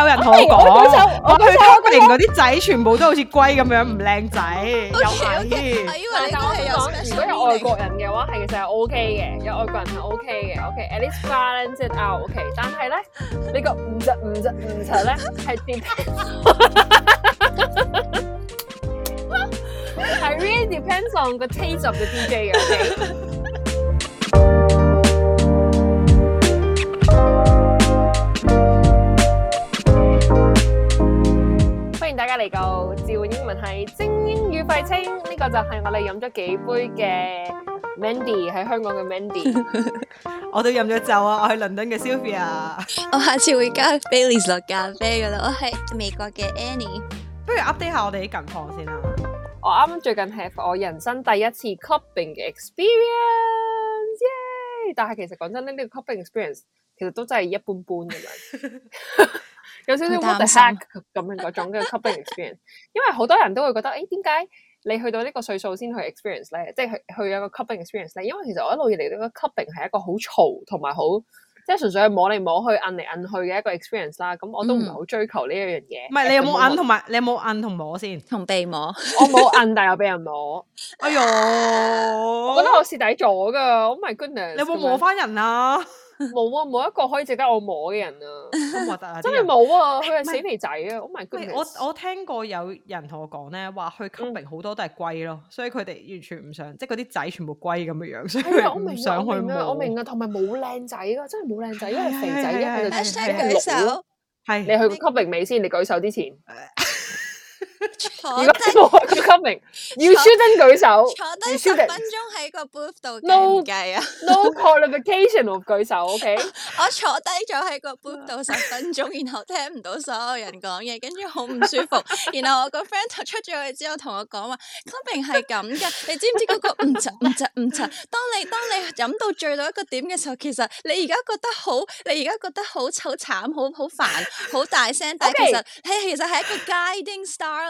有人同我講，我去英國嗰啲仔全部都好似龜咁樣唔靚仔，有啲如果有外國人嘅話，係其實係 OK 嘅，有外國人係 OK 嘅，OK，at least balance it out。OK，但係咧你個唔實唔實唔實咧係點？係 really depends on 個 taste of the DJ 嘅。家嚟個召喚英文系精英與廢青，呢、這個就係我哋飲咗幾杯嘅 Mandy，喺香港嘅 Mandy， 我都飲咗酒啊，我係倫敦嘅 Sylvia，、嗯、我下次會加 Bailey 落咖啡噶啦，我係美國嘅 Annie，不如 update 下我哋近況先啦、啊。我啱啱最近係我人生第一次 coping 嘅 experience，耶，但係其實講真呢，呢、這個 coping experience 其實都真係一般般咁樣。 有少少 want to hack 咁樣嗰種嘅 cupping experience，因為好多人都會覺得，誒、欸，點解你去到呢個歲數先去 experience 咧？即係去去有個 cupping experience 咧？因為其實我一路以嚟都覺得 cupping 係一個好嘈同埋好，即係純粹係摸嚟摸去、摁嚟摁去嘅一個 experience 啦。咁我都唔係好追求呢一樣嘢。唔係、嗯、你有冇摁同埋？你有冇摁同摸先？同鼻摸。地摸 我冇摁，但係又俾人摸。哎呦喲！ 我覺得我蝕底咗噶。Oh my goodness！你有冇摸翻人啊？冇啊，冇一個可以值得我摸嘅人啊，咁核突啊！真係冇啊，佢係死皮仔啊！我 my goodness，唔係，我我聽過有人同我講咧，話去 covering 好多都係龜咯，所以佢哋完全唔想，即係嗰啲仔全部龜咁嘅樣，所以唔想去摸。我明啊，同埋冇靚仔噶，真係冇靚仔，因係肥仔，一係就綠佬。係，你去 covering 未先？你舉手之前。坐低，coming。You s h o u l d 舉手。坐低十分鐘喺個 booth 度計啊。No qualification of 舉手，OK。 我坐低咗喺個 booth 度十分鐘，然後聽唔到所有人講嘢，跟住好唔舒服。 然後我個 friend 就出咗去之後同我講話，coming 係咁嘅。你知唔知嗰個唔沉唔沉唔沉？當你當你飲到醉到一個點嘅時候，其實你而家覺得好，你而家覺得好好慘，好好煩，好大聲，但其實係 Okay. 其實係一個 guiding star。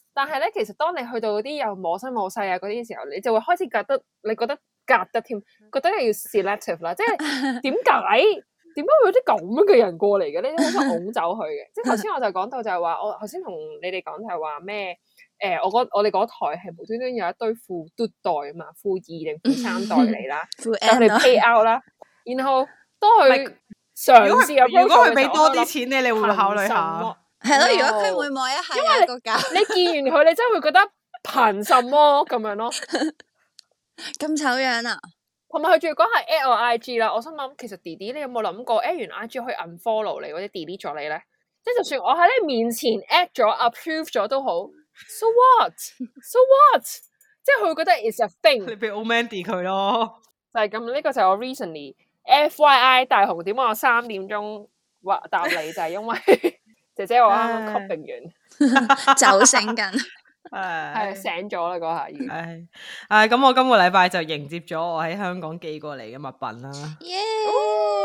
但係咧，其實當你去到嗰啲又冇身冇世啊嗰啲時候，你就會開始覺得你覺得夾得添，覺得你要 selective 啦，即係點解點解會有啲咁樣嘅人過嚟嘅？你都想拱走佢嘅。即係頭先我就講到就係話，我頭先同你哋講就係話咩？誒，我我哋嗰台係無端端有一堆富二代啊嘛，富二定富三代嚟啦，有 p AL 啦，然後當佢嘗試，如果佢俾多啲錢咧，你會唔會考慮下？係咯， 如果佢會望一下個價， 你見完佢，你真係會覺得憑什麼咁樣咯？咁醜樣啊！同埋佢仲要講係 l I G 啦，我心諗其實弟弟，你有冇諗過 at 完 I G 可以 unfollow 你或者 delete 咗你咧？即係 就算我喺你面前 at 咗 approve 咗都好，so what？so what？So what? 即係佢會覺得 it's a thing。你俾 Omandy 佢咯，就係咁。呢個就係我 recently。F Y I 大紅點我三點鐘話答你，就係、是、因為。 姐姐我啱啱 copy 完，酒醒緊，係醒咗啦嗰下，哎，已經。唉，咁我今個禮拜就迎接咗我喺香港寄過嚟嘅物品啦。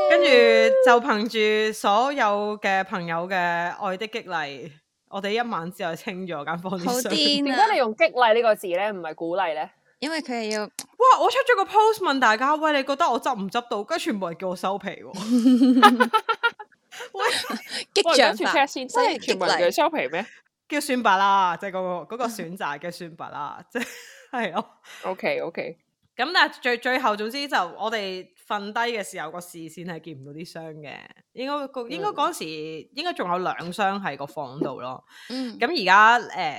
跟住就憑住所有嘅朋友嘅愛的激勵，我哋一晚之後清咗間房啲好癲啊！點解你用激勵呢個字咧？唔係鼓勵咧？因為佢係要。哇！我出咗個 post 問大家，喂，你覺得我執唔執到？跟住全部係叫我收皮。喂 激漲狀大，所以全民嘅 shopping 咩？皮叫算白啦，即係嗰個嗰 個選擇嘅算白啦，即、就、係、是，係 啊 ，OK OK。咁但係最最後，總之就我哋瞓低嘅時候，個視線係見唔到啲箱嘅，應該應該嗰、那個嗯、時應該仲有兩箱喺個房度咯。咁而家誒，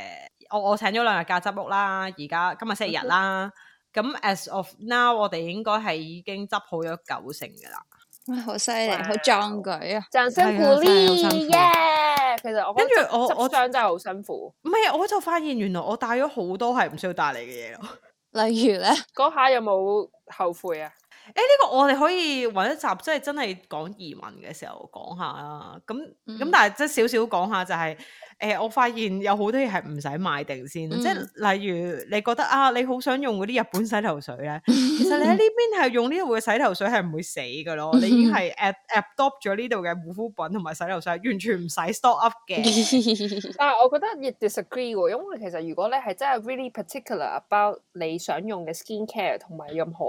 我我請咗兩日假執屋啦，而家今日星期日啦。咁 as of now，我哋應該係已經執好咗九成噶啦。Okay. 好犀利，好壯、哎、喲舉啊！掌聲鼓勵 yeah 其實我跟住我我想真係好辛苦。唔係啊，我就發現原來我帶咗好多係唔需要帶嚟嘅嘢咯。例如咧，嗰下有冇後悔啊？誒、欸，呢、這個我哋可以搵一集，即、就、係、是、真係講移民嘅時候講下啦。咁咁，嗯、但係即係少少講下就係、是。誒、呃，我發現有好多嘢係唔使買定先，嗯、即係例如你覺得啊，你好想用嗰啲日本洗頭水咧，嗯、其實你喺呢邊係用呢度嘅洗頭水係唔會死㗎咯，嗯、你已經係 at ad adopt 咗呢度嘅護膚品同埋洗頭水，完全唔使 stop up 嘅。但係、 啊、我覺得要 disagree 喎，因為其實如果你係真係 really particular about 你想用嘅 skin care 同埋任何，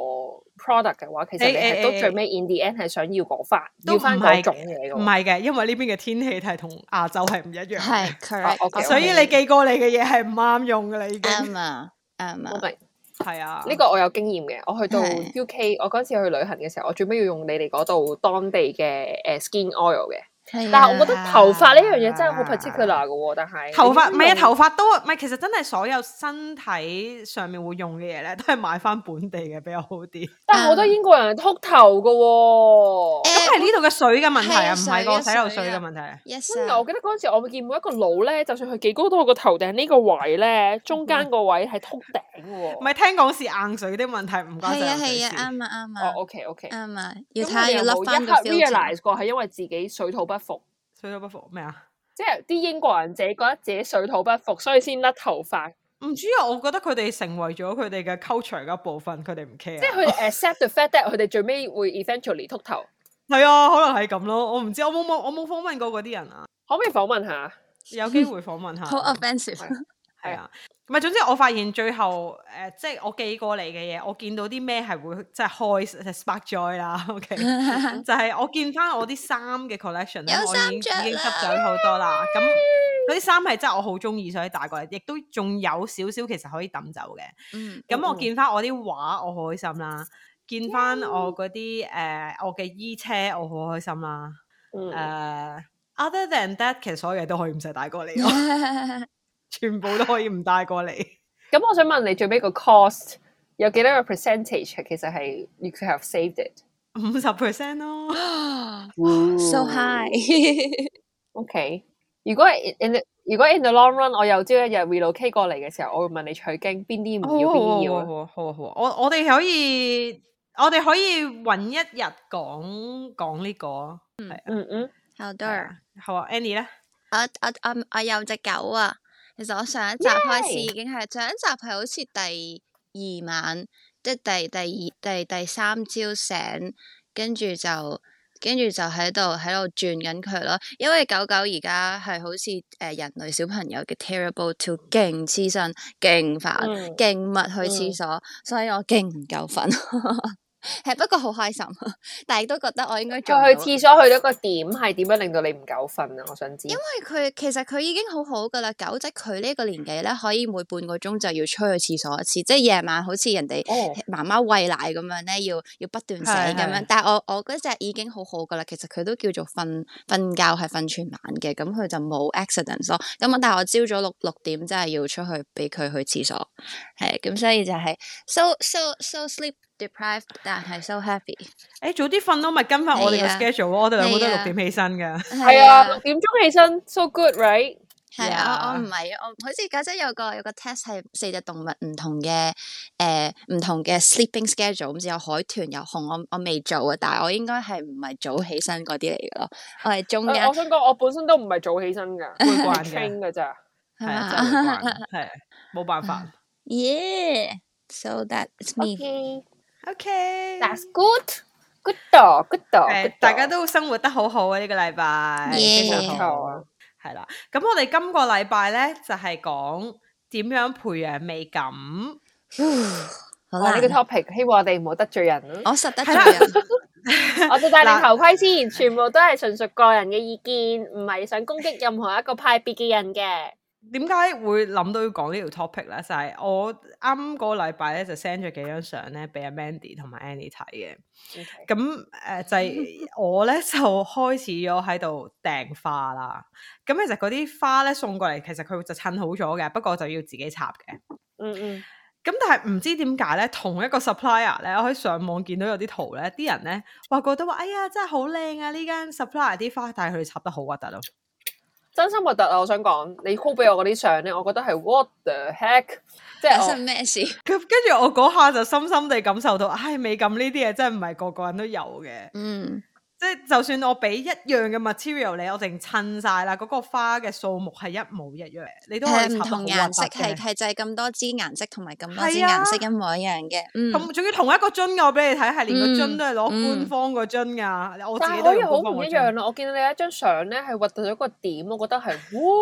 Product 嘅話，其實你係都最尾 in the end 係想要嗰翻，要翻嗰種嘢唔係嘅，因為呢邊嘅天氣係同亞洲係唔一樣。係所以你寄過嚟嘅嘢係唔啱用嘅，你已經。啱啊，啱啊，明。係啊，呢個我有經驗嘅。我去到 UK， 我嗰次去旅行嘅時候，我最尾要用你哋嗰度當地嘅誒、uh, skin oil 嘅。但係我覺得頭髮呢樣嘢真係好 particular 嘅喎，但係頭髮，唔係啊，頭髮都唔係，其實真係所有身體上面會用嘅嘢咧，都係買翻本地嘅比較好啲。但係好多英國人係禿頭嘅喎，咁係呢度嘅水嘅問題啊，唔係個洗頭水嘅問題。yes，我記得嗰陣時我見每一個佬咧，就算佢幾高都，個頭頂呢個位咧，中間個位係禿頂喎。唔係聽講是硬水啲問題，唔怪得。係啊係啊，啱啊啱啊。OK OK。啱啊，要睇下要擸翻個 feel 係因為自己水土不服水土不服咩啊？即係啲英國人自己覺得自己水土不服，所以先甩頭髮。唔知啊，我覺得佢哋成為咗佢哋嘅 culture 嘅部分，佢哋唔 care。即係佢哋 accept the fact that 佢哋最尾會 eventually 禿頭。係啊， 可能係咁咯。我唔知，我冇冇我冇訪問過嗰啲人啊。可唔可以訪問下？的有機會訪問下。好 offensive 有。係 啊是的。 唔係，總之我發現最後誒、呃，即係我寄過嚟嘅嘢，我見到啲咩係會即係開誒 spark joy 啦。OK， 就係我見翻我啲衫嘅 collection 咧， 我已經 已經執咗好多啦。咁嗰啲衫係真係我好中意，所以帶過嚟，亦都仲有少少其實可以抌走嘅。咁、嗯嗯、我見翻我啲畫，嗯、我好開心啦；見翻我嗰啲誒，我嘅衣車，我好開心啦。誒，other than that，其實所有嘢都可以唔使帶過嚟。 全部都可以唔帶過嚟。咁我想問你最尾個 cost 有幾多個 percentage？其實係 you could have saved it 五十 percent 咯。So high。OK。如果 in the 如果 in the long run 我有朝一日 relocate 過嚟嘅時候，我會問你取經，邊啲唔要邊啲要。好啊好啊。我我哋可以我哋可以揾一日講講呢個。嗯嗯嗯，好多。好啊，Annie 咧。我我我我有隻狗啊。其實我上一集開始已經係，Yay! 上一集係好似第二晚，即係第第二、第第三朝醒，跟住就，跟住就喺度喺度轉緊佢咯。因為狗狗而家係好似誒、呃、人類小朋友嘅 terrible two 勁黐身，勁煩，勁、mm. 密去廁所，mm. 所以我勁唔夠瞓。係不過好開心，但係都覺得我應該再去廁所去到個點係點樣令到你唔夠瞓啊？我想知，因為佢其實佢已經好好噶啦，狗仔佢呢個年紀咧，可以每半個鐘就要出去廁所一次，即係夜晚好似人哋媽媽餵奶咁樣咧，哦、要要不斷醒咁樣。的但係我我嗰隻已經好好噶啦，其實佢都叫做瞓瞓覺係瞓全晚嘅，咁佢就冇 accident 咯。咁但係我朝早六六點真係要出去俾佢去廁所，係咁，所以就係、是、so so so sleep。deprived 但係 so happy，誒早啲瞓咯，咪跟翻我哋嘅 schedule 咯，我哋兩個都六點起身噶，係啊六點鐘起身，so good, right?，係啊，我唔係我好似家姐有個有個 test 係四隻動物唔同嘅誒唔同嘅 sleeping schedule，咁有海豚有熊，我我未做啊，但係我應該係唔係早起身嗰啲嚟咯，我係中一，我想講我本身都唔係早起身噶，會慣輕噶咋，係啊，真係會慣，係冇辦法，yeah so that's me。o Okay . k that's good, good dog, good dog、哎。大家都生活得好好啊！呢、這個禮拜，Yeah. 非常好係、啊、啦。咁、嗯、我哋今個禮拜咧就係講點樣培養美感。 好啦的，呢個 topic 希望我哋唔好得罪人，我實得罪人。了 我哋戴住頭盔先， 全部都係純屬個人嘅意見，唔係想攻擊任何一個派別嘅人嘅。點解會諗到要講呢條 topic 咧？就係、是、我啱個禮拜咧就 send 咗幾張相咧俾阿 Mandy 同埋 Annie 睇嘅。咁誒 Okay. 就係、是、我咧就開始咗喺度訂花啦。咁其實嗰啲花咧送過嚟，其實佢就襯好咗嘅，不過就要自己插嘅。嗯嗯、mm。咁、hmm. 但係唔知點解咧，同一個 supplier 咧，我喺上網見到有啲圖咧，啲人咧話覺得話，哎呀，真係好靚啊！呢間 supplier 啲花，但係佢哋插得好核突咯。真心核突啊！我想講，你 upload 俾我嗰啲相咧，我覺得係 what the heck，即係發生咩事？跟住我嗰下就深深地感受到，唉，美感呢啲嘢真係唔係個個人都有嘅。嗯。即係就算我俾一樣嘅 material 你，我淨襯晒啦，嗰、嗰個花嘅數目係一模一樣，嗯、你都係唔同顏色，係係你就咁多支顏色同埋咁多支顏色一模、啊、一樣嘅，嗯、同仲要同一個樽，我俾你睇係連個樽都係攞官方個樽噶，嗯、我自己都好唔一,一樣啦、啊，我見到你有一張相咧係畫到咗個點，我覺得係哇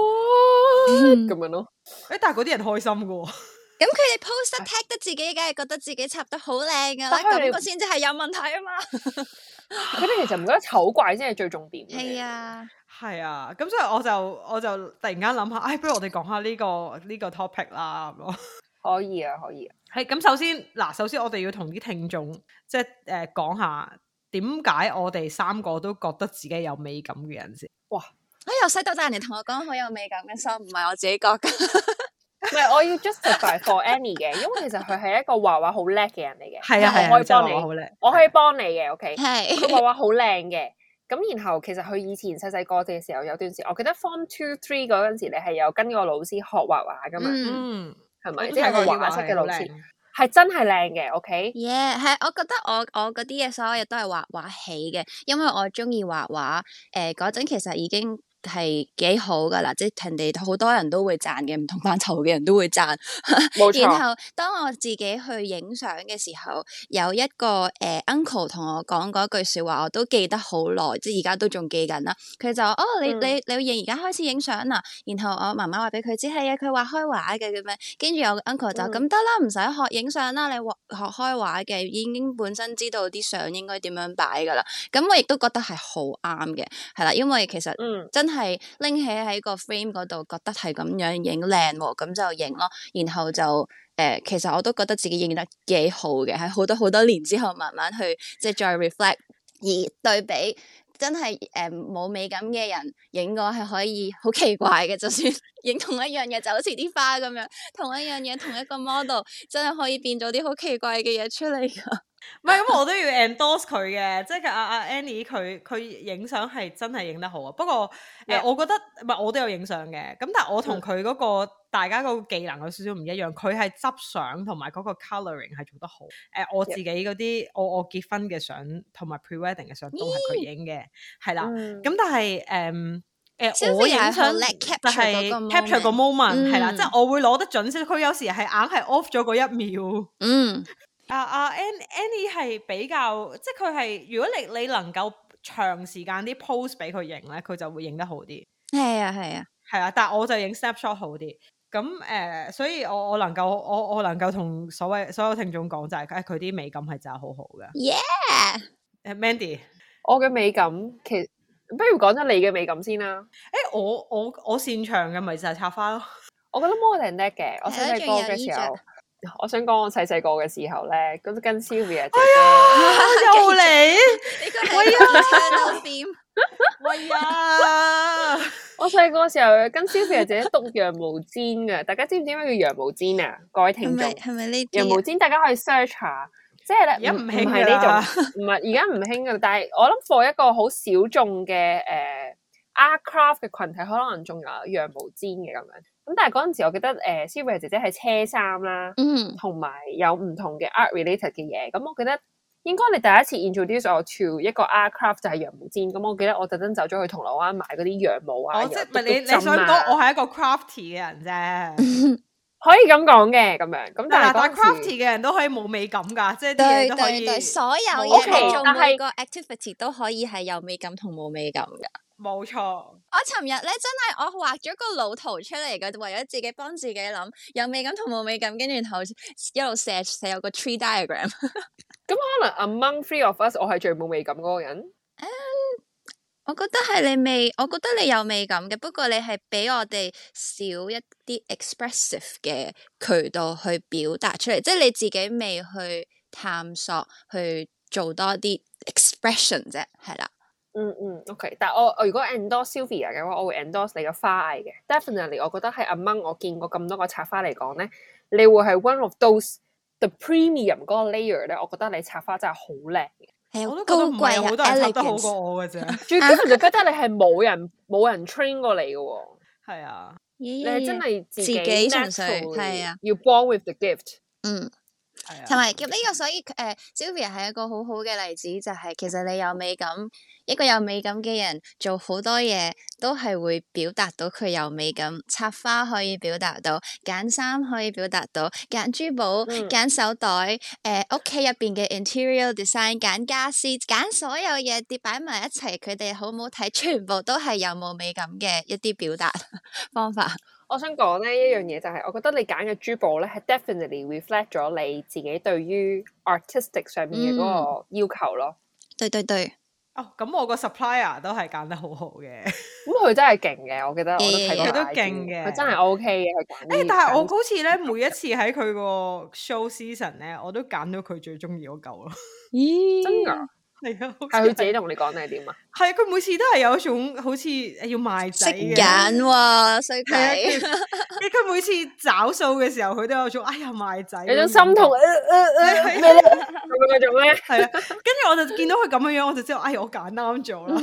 咁樣咯、啊，誒 但係嗰啲人開心噶。咁佢哋 post 得 tag 得自己，梗係覺得自己插得好靚噶啦，咁我先至係有問題啊嘛。佢 哋其實唔覺得醜怪先係最重點嘅？係啊，係啊。咁所以我就我就突然間諗下，唉、哎，不如我哋講下呢、這個呢、這個 topic 啦咁咯。 可以啊，可以、啊。係咁，首先嗱，首先我哋要同啲聽眾即係誒講下點解我哋三個都覺得自己有美感嘅人先。哇！哎呀，由細到大人哋同我講好有美感嘅心，唔係我自己覺得。 唔係， 我要 justify for Annie 嘅，因為其實佢係一個畫畫好叻嘅人嚟嘅，係啊，我可以幫你，好 我可以幫你嘅 ，OK，佢畫畫好靚嘅。咁然後其實佢以前細細個嘅時候，有段時，我記得 Form Two、Three 嗰陣時，你係有跟個老師學畫畫噶嘛？嗯，係咪？即係畫室嘅老師，係真係靚嘅，OK。Yeah 係，我覺得我我嗰啲嘢，所有嘢都係畫畫起嘅，因為我中意畫畫。誒、呃，嗰陣其實已經。係幾好噶啦！即係人哋好多人都會讚嘅，唔同範疇嘅人都會讚。冇 錯。然後當我自己去影相嘅時候，有一個誒 uncle 同我講一句說話，我都記得好耐，即係而家都仲記緊啦。佢就哦、oh，嗯，你你你影而家開始影相啦。然後我媽媽話俾佢知，係啊，佢話開畫嘅咁樣。跟住有個 uncle 就咁得啦，唔使、嗯、學影相啦，你學，學開畫嘅，已經本身知道啲相應該點樣擺噶啦。咁我亦都覺得係好啱嘅，係啦，因為其實真係、嗯。係拎起喺個 frame 嗰度，覺得係咁樣影靚喎，咁、哦、就影咯。然後就誒、呃，其實我都覺得自己影得幾好嘅，喺好多好多年之後慢慢去即係再 reflect。而對比真係誒冇美感嘅人影過係可以好奇怪嘅，就算。 影同一樣嘢就好似啲花咁樣，同一樣嘢同一個 model，真係可以變咗啲好奇怪嘅嘢出嚟噶。唔係咁，我都要 endorse 佢嘅，即係阿阿 Annie 佢佢影相係真係影得好啊。不過誒、呃，我覺得唔係 Yeah. 我都有影相嘅，咁但係我同佢嗰個大家個技能有少少唔一樣。佢係執相同埋嗰個 colouring 係做得好。誒、呃，我自己嗰啲 Yeah. 我我結婚嘅相同埋 pre-wedding 嘅相都係佢影嘅，係啦 Yeah.。咁但係誒。嗯嗯。誒，呃、生我影相就係 capture 個 moment 係啦，即係我會攞得準些，佢有時係硬係 off 咗嗰一秒。嗯，阿阿 Annie 係比較，即係佢係，如果你你能夠長時間啲 pose 俾佢影咧，佢就會影得好啲。係啊，係啊，係啊，但係我就影 snapshot 好啲。咁誒，uh, 所以我我能夠我我能夠同所謂所有聽眾講就係、是，佢、呃、啲美感係真係好好嘅。Yeah，誒、uh, Mandy，我嘅美感其。不如講咗你嘅美感先啦。誒、欸，我我我，我擅長嘅咪就係插花咯。我覺得 modern 啲嘅。我想聽歌嘅時候，我想講我細細個嘅時候咧，咁跟 Sylvia 姐呀，又嚟！哎呀，channel t 我細個嘅時候跟 Sylvia 姐姐讀羊毛氈噶，大家知唔知咩叫羊毛氈啊？各位聽眾，係咪呢？是是羊毛氈，大家可以 search 下。即係咧，而家唔興呢啦，唔係而家唔興嘅，但係我諗 for 一個好小眾嘅誒 art craft 嘅群體，可能仲有羊毛氈嘅咁樣。咁但係嗰陣時，我記得誒、呃、Sylvia 姐姐係車衫啦有有，嗯，同埋有唔同嘅 art related 嘅嘢。咁、嗯、我記得應該你第一次 introduce 我 to 一個 art craft 就係羊毛氈。咁、嗯、我記得我特登走咗去銅鑼灣買嗰啲羊毛啊，即係我你、啊、你想講我係一個 crafty 嘅人啫。 可以咁講嘅咁樣，咁但係打 crafty 嘅人都可以冇美感噶，即係啲對對對，所有嘅仲 每個 activity 都可以係有美感同冇美感噶。冇錯錯。我尋日咧真係我畫咗個老圖出嚟嘅，為咗自己幫自己諗有美感同冇美感，跟住然後一路寫寫有個 tree diagram。咁 可能 among three of us，我係最冇美感嗰個人。我覺得係你未，我覺得你有美感嘅，不過你係俾我哋少一啲 expressive 嘅渠道去表達出嚟，即係你自己未去探索去做多啲 expression 啫，係啦、嗯。嗯嗯，OK，但係我我如果 endorse Sylvia 嘅話，我會 endorse 你嘅花藝嘅。Definitely，我覺得係 among 我見過咁多個插花嚟講咧，你會係 one of those the premium 嗰個 layer 咧，我覺得你插花真係好靚嘅。係，我都覺得唔係好多人考得好過我嘅啫。最緊要就覺得你係冇人冇人 train 過你嘅，係 啊，你係真係自己係 啊 you born with the gift。嗯。同埋呢個，所以誒 Sylvia 係一個好好嘅例子，就係其實你有美感，一個有美感嘅人做好多嘢，都係會表達到佢有美感。插花可以表達到，揀衫可以表達到，揀珠寶、揀手袋，誒屋企入邊嘅 interior design 揀家私、揀所有嘢跌擺埋一齊，佢哋好唔好睇，全部都係有冇美感嘅一啲表達方法。我想講呢一樣嘢就係，我覺得你揀嘅珠寶呢，係 definitely reflect 咗你自己對於 artistic 上面嘅嗰個要求咯。嗯、對對對。哦,咁我個 supplier 都係揀得好好嘅，咁 佢、嗯、真係勁嘅，我記得覺得我都睇到。佢都勁嘅，佢真係 OK 嘅。誒、欸，但係我好似呢，每一次喺佢個 show season 呢，我都揀到佢最中意嗰嚿咯。咦、 欸？真㗎？係啊，係佢自己同你講定係點啊？係啊，佢每次都係有一種好似要賣仔嘅，識揀喎、啊，衰鬼。你，佢每次找數嘅時候，佢都有種哎呀賣仔，有種心痛。誒誒誒，係咪嗰種咧？係啊，跟住我就見到佢咁樣樣，我就知道哎呀，我揀啱咗啦。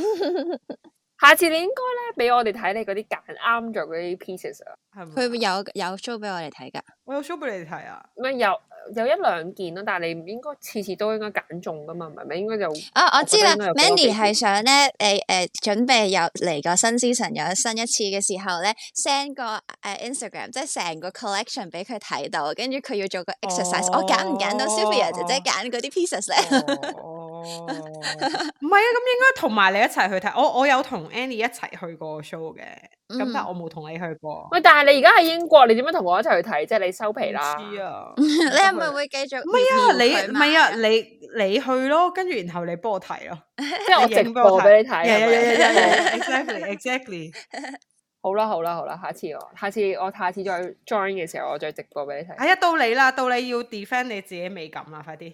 下次你應該咧俾我哋睇你嗰啲揀啱咗嗰啲 pieces 啦，佢會有有 show 俾我哋睇噶，我有 show 俾你哋睇啊，唔、嗯、有有一兩件咯，但係你唔應該次次都應該揀中噶嘛，唔係咪應該就啊、哦、我知啦 Mandy 係想咧誒誒準備入嚟個新思神有新一次嘅時候咧 send 個誒、uh, Instagram 即係成個 collection 俾佢睇到，跟住佢要做個 exercise，我揀唔、哦、揀、哦哦、到 Sophia 姐姐揀嗰啲 pieces 咧、哦。唔係 啊，咁應該同埋你一齊去睇。我我有同 Annie 一齊去過 show 嘅，咁但係我冇同你去過。喂、嗯，但係你而家喺英國，你點樣同我一齊去睇？即係你收皮啦。啊，你係咪會繼續？唔係 啊，你係啊，你你去咯，跟住然後你幫我睇咯，即係我直播俾你睇。係 Exactly，Exactly，好啦好啦好啦，下次我下次我下次再 join 嘅時候，我再直播俾你睇。係啊， 到你啦，到你要 defend 你自己美感啦，快啲！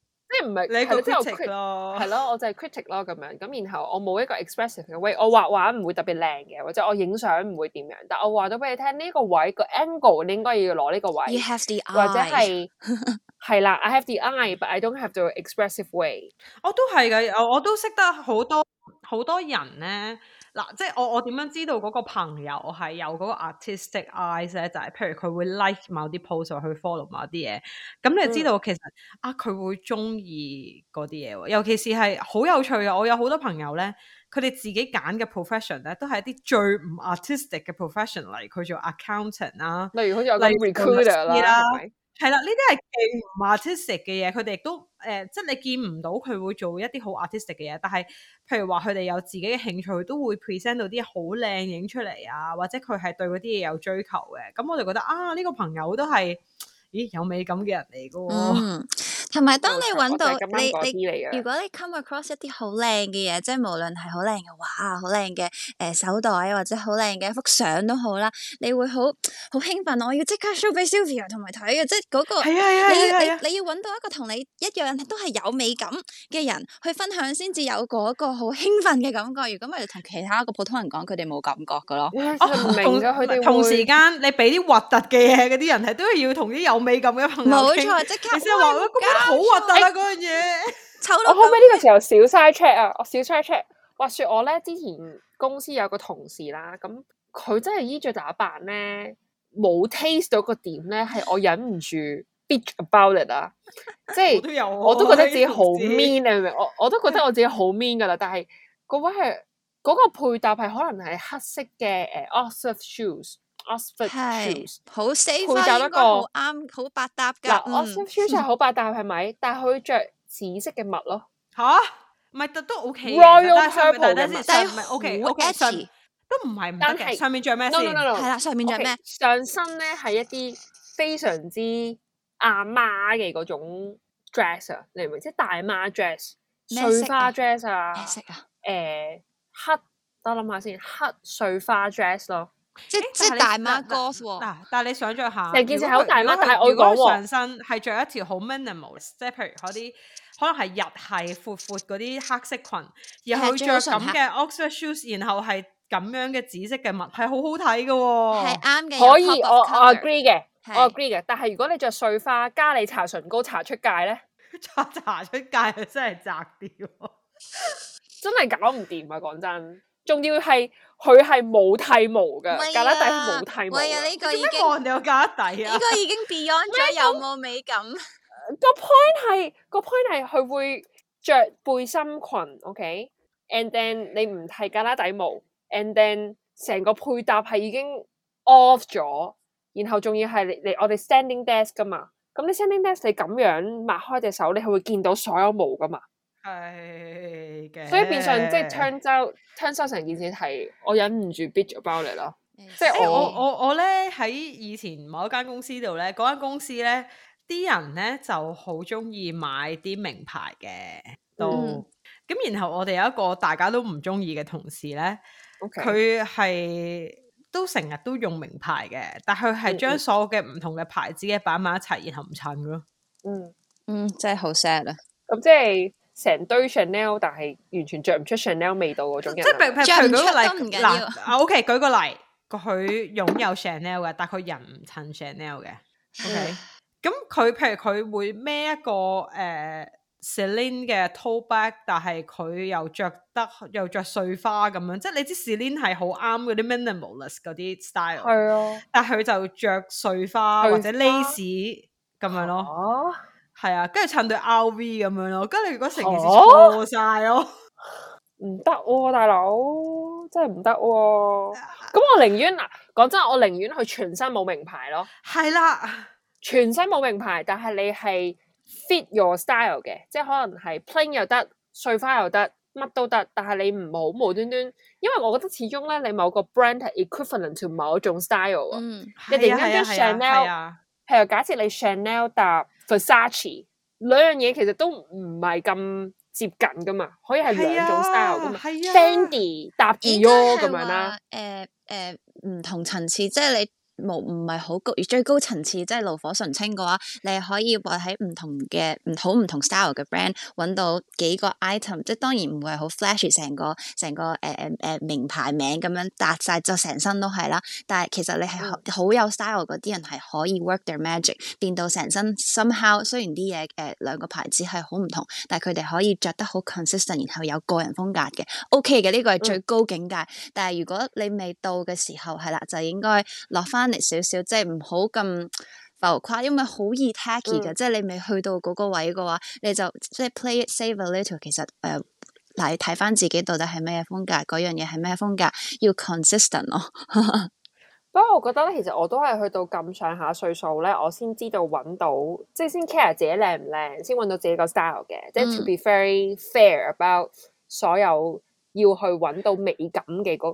即係唔係係咯，之後 crit 咯，係咯，我就係 critic 咯咁樣。咁然後我冇一個 expressive 嘅 way，我畫畫唔會特別靚嘅，或者我影相唔會點樣，但我話到俾你聽，呢個位個 angle 你應該要攞呢個位，You have the eye，或者係係啦，I have the eye，but I don't have the expressive way。我都係嘅，我我都識得好多好多人咧。嗱，即係我我點樣知道嗰個朋友係有嗰個 artistic eyes 咧？就係、是、譬如佢會 like 某啲 post，去 follow 某啲嘢，咁你知道其實、嗯、啊佢會中意嗰啲嘢喎。尤其是係好有趣嘅，我有好多朋友咧，佢哋自己揀嘅 profession 咧，都係一啲最唔 artistic 嘅 profession 嚟，佢做 accountant 啦，例如好似有 like recruiter 啦。係啦，呢啲係勁 artistic 嘅嘢，佢哋亦都誒，即係你見唔到佢會做一啲好 artistic 嘅嘢，但係譬如話佢哋有自己嘅興趣，都會 present 到啲好靚影出嚟啊，或者佢係對嗰啲嘢有追求嘅，咁我就覺得啊，呢個朋友都係，咦，有美感嘅人嚟㗎喎。嗯同埋，當你揾到你你，你，如果你 come across 一啲好靚嘅嘢，即係無論係好靚嘅畫、好靚嘅誒手袋或者好靚嘅一幅相都好啦，你會好好興奮，我要即刻 show 俾 Sylvia 同埋睇嘅，即係嗰、嗰個係啊係啊係啊！你要揾到一個同你一樣都係有美感嘅人去分享，先至有嗰個好興奮嘅感覺。如果咪同其他個普通人講，佢哋冇感覺噶咯。我、yeah, 唔明噶，佢同時間你俾啲核突嘅嘢，嗰啲人係都要同啲有美感嘅朋友冇錯，即刻。喂好核突啊！嗰樣嘢， 啊、我後尾呢個時候小 size check 啊，我小 size check 話說我咧之前公司有個同事啦，咁、嗯、佢真係衣着打扮咧冇 taste 到個點咧，係我忍唔住 bitch about it 啊！ 即係我，、啊、我都覺得自己好 mean，明唔明？我我都覺得我自己好 mean 噶啦，但係嗰位係嗰、嗰個配搭係可能係黑色嘅誒 aussie shoes。a s shoes，好碎花應該好啱，好百搭噶。嗱 a s p e 好百搭係咪？但係佢着紫色嘅襪咯，吓？唔係都 OK 嘅。但係上面但係都唔係 OK 都唔係唔得嘅。上面着咩？係啦，上面着咩？上身咧係一啲非常之阿媽嘅嗰種 dress 啊，你明唔明？即係大媽 dress，碎花 dress 啊？咩色啊？誒，黑，等我諗下先，黑碎花 dress 咯。即係即係大媽哥喎，嗱，但係你想象下，成件事好大媽，但係我上身係着一條好 minimal，即係譬如嗰啲可能係日係闊闊嗰啲黑色裙，然後着咁嘅 Oxford shoes，然後係咁樣嘅紫色嘅襪，係好好睇㗎，係啱嘅，可以，我我 agree 嘅，我 agree 嘅，但係如果你着碎花加你搽唇膏搽出界咧，搽出界真係窄啲，真係搞唔掂啊！講真，仲要係。佢係冇剃毛嘅，咖拉底係冇剃毛。呢個已經忘咗咖拉底啊！呢個已經 beyond 咗有冇美感？個 point 係，個 point 係佢會著背心裙，OK？And then 你唔剃咖拉底毛，And then 成個配搭係已經 off 咗，然後仲要係你你，我哋 standing desk 噶嘛？咁你 standing desk，你咁樣擘開隻手，你會見到所有毛噶嘛？係嘅，所以變相，即係 turns out，turns out 成件事係我忍唔住，bitch 咗包嚟咯。即係、欸、我我我咧喺以前某一間公司度咧，嗰間公司咧啲人咧就好中意買啲名牌嘅，都咁、嗯、然後我哋有一個大家都唔中意嘅同事咧，佢係 Okay. 都成日都用名牌嘅，但佢係將所有嘅唔同嘅牌子嘅擺埋一齊，然後唔襯咯。嗯嗯，真係好 sad 啊！咁即係。成堆 Chanel，但係完全着唔出 Chanel 味道嗰種人。即係譬如佢如舉個例，嗱，OK，舉個例，佢擁有 Chanel 嘅，但係佢人唔襯 Chanel 嘅。OK，咁佢譬如佢會孭一個誒 Celine、呃、嘅 Tote Bag，但係佢又着得又着碎花咁樣。即係你知 Celine 係好啱嗰啲 minimalist 嗰啲 style。係啊。但係佢就着碎花或者 lace 咁樣咯。啊啊。係啊，跟住襯對 LV 咁樣咯，跟住如果成件事錯晒咯，唔 得、啊，大佬真係唔得。咁 我寧願嗱，講真，我寧願去全身冇名牌咯。係啦，全身冇名牌，但係你係 fit your style 嘅，即係可能係 plain 又得，碎花又得，乜都得。但係你唔好無端端端，因為我覺得始終咧，你某個 brand 係 equivalent to 某種 style、嗯、啊。你突然間跟 Chanel，譬如假設你 Chanel 搭。Versace 兩樣嘢其實都唔係咁接近噶嘛，可以係兩種 style 噶嘛，啊啊，Fendi 搭 Dior 咁樣啦，誒誒唔同層次，即係你。冇唔係好高，而最高層次即係爐火純青嘅話，你係可以話喺唔同嘅、唔好唔同 style 嘅 brand 揾到幾個 item，即係當然唔會係好 flash，成個成個誒誒誒名牌名咁樣搭曬就成身都係啦。但係其實你係好，好有 style 嗰啲人係可以 work their magic，變到成身 somehow 雖然啲嘢誒兩個牌子係好唔同，但係佢哋可以着得好 consistent，然後有個人風格嘅，OK 嘅呢、這個係最高境界。嗯、但係如果你未到嘅時候係啦，就應該落翻少少，即係唔好咁浮誇，因為好易 tacky 嘅。嗯、即係你未去到嗰個位嘅話，你就即係 play it safe a little。其實誒，嗱、呃，你睇翻自己到底係咩風格，嗰樣嘢係咩風格，要 consistent 咯。不過我覺得咧，其實我都係去到咁上下歲數咧，我先知道搵到，即係先 care 自己靚唔靚，先搵到自己個 style 嘅。嗯、即係 to be very fair about 所有要去搵到美感嘅嗰、嗰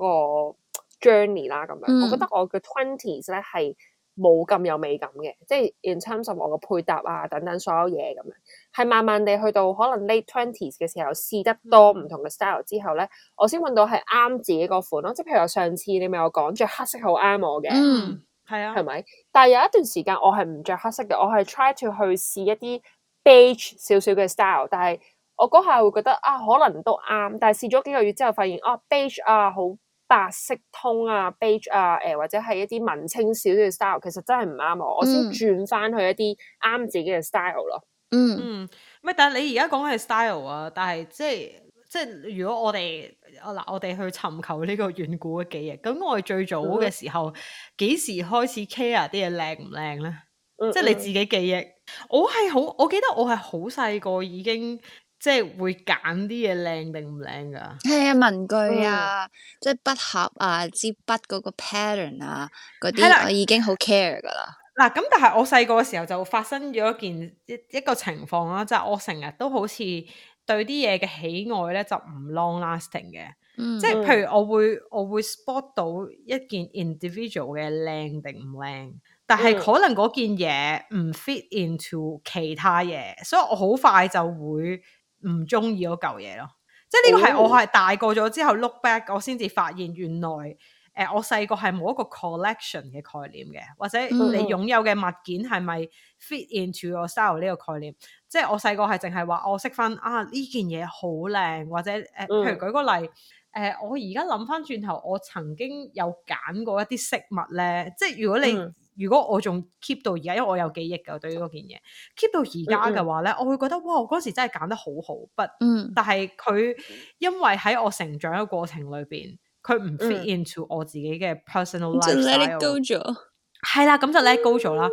個 Journey 啦咁樣，我覺得我嘅 twenties 咧係冇咁有美感嘅，即係 in terms 我嘅配搭啊等等所有嘢咁樣，係慢慢地去到可能 late twenties 嘅時候試得多唔同嘅 style 之後咧，我先揾到係啱自己個款咯。即係譬如我上次你咪有講着黑色好啱我嘅，嗯，係啊，係咪？但係有一段時間我係唔着黑色嘅，我係 try to 去試一啲 beige 少少嘅 style，但係我嗰下會覺得啊，可能都啱，但係試咗幾個月之後發現哦，beige 啊好。Beige，啊白色通啊，beige 啊，誒、啊呃、或者係一啲文青少少嘅 style，其實真係唔啱我，嗯、我先轉翻去一啲啱自己嘅 style 咯。嗯，咩、嗯？但係你而家講嘅係 style 啊，但係即係即係如果我哋嗱我哋去尋求呢個遠古嘅記憶，咁我哋最早嘅時候幾、嗯嗯、時開始 care 啲嘢靚唔靚咧？嗯嗯即係你自己記憶，我係好，我記得我係好細個已經。即係會揀啲嘢靚定唔靚噶，係啊，文具啊，嗯、即係筆盒啊，支筆嗰個 pattern 啊，嗰啲的我已經好 care 噶啦。嗱咁，但係我細個嘅時候就發生咗一件一一個情況啦、啊，即、就、係、是、我成日都好似對啲嘢嘅喜愛咧就唔 long lasting 嘅，嗯、即係譬如我會我會 spot 到一件 individual 嘅靚定唔靚，但係可能嗰件嘢唔 fit into 其他嘢，所以我好快就會。唔中意嗰嚿嘢咯，即係呢個係我係大個咗之後、oh. look back，我先至發現原來誒、呃、我細個係冇一個 collection 嘅概念嘅，或者你擁有嘅物件係咪 fit into your style 呢個概念？Oh. 即係我細個係淨係話我識返啊呢件嘢好靚，或者誒、呃 oh. 譬如舉個例誒、呃，我而家諗翻轉頭，我曾經有揀過一啲飾物咧，即係如果你。Oh. 如果我仲 keep 到而家，因為我有記憶㗎對於嗰件嘢 keep 到而家嘅話咧，嗯、我會覺得哇，我嗰時真係揀得好好不，但係佢、嗯、因為喺我成長嘅過程裏邊，佢唔 fit into、嗯、我自己嘅 personal lifestyle，係啦，咁就 let go 咗啦。誒、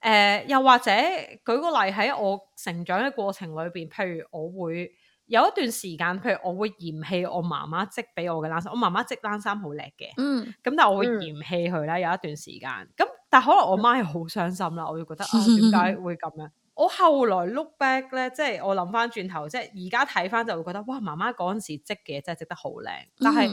嗯呃，又或者舉個例喺我成長嘅過程裏邊，譬如我會有一段時間，譬如我會嫌棄我媽媽織俾我嘅冷衫，我媽媽織冷衫好叻嘅，嗯，咁、嗯、但係我會嫌棄佢啦，有一段時間咁。但可能我媽又好傷心啦，我就覺得啊點解會咁樣？ 我後來 look back 咧，即係我諗翻轉頭，即係而家睇翻就會覺得，哇！媽媽嗰陣時織嘅嘢真係織得好靚，嗯、但係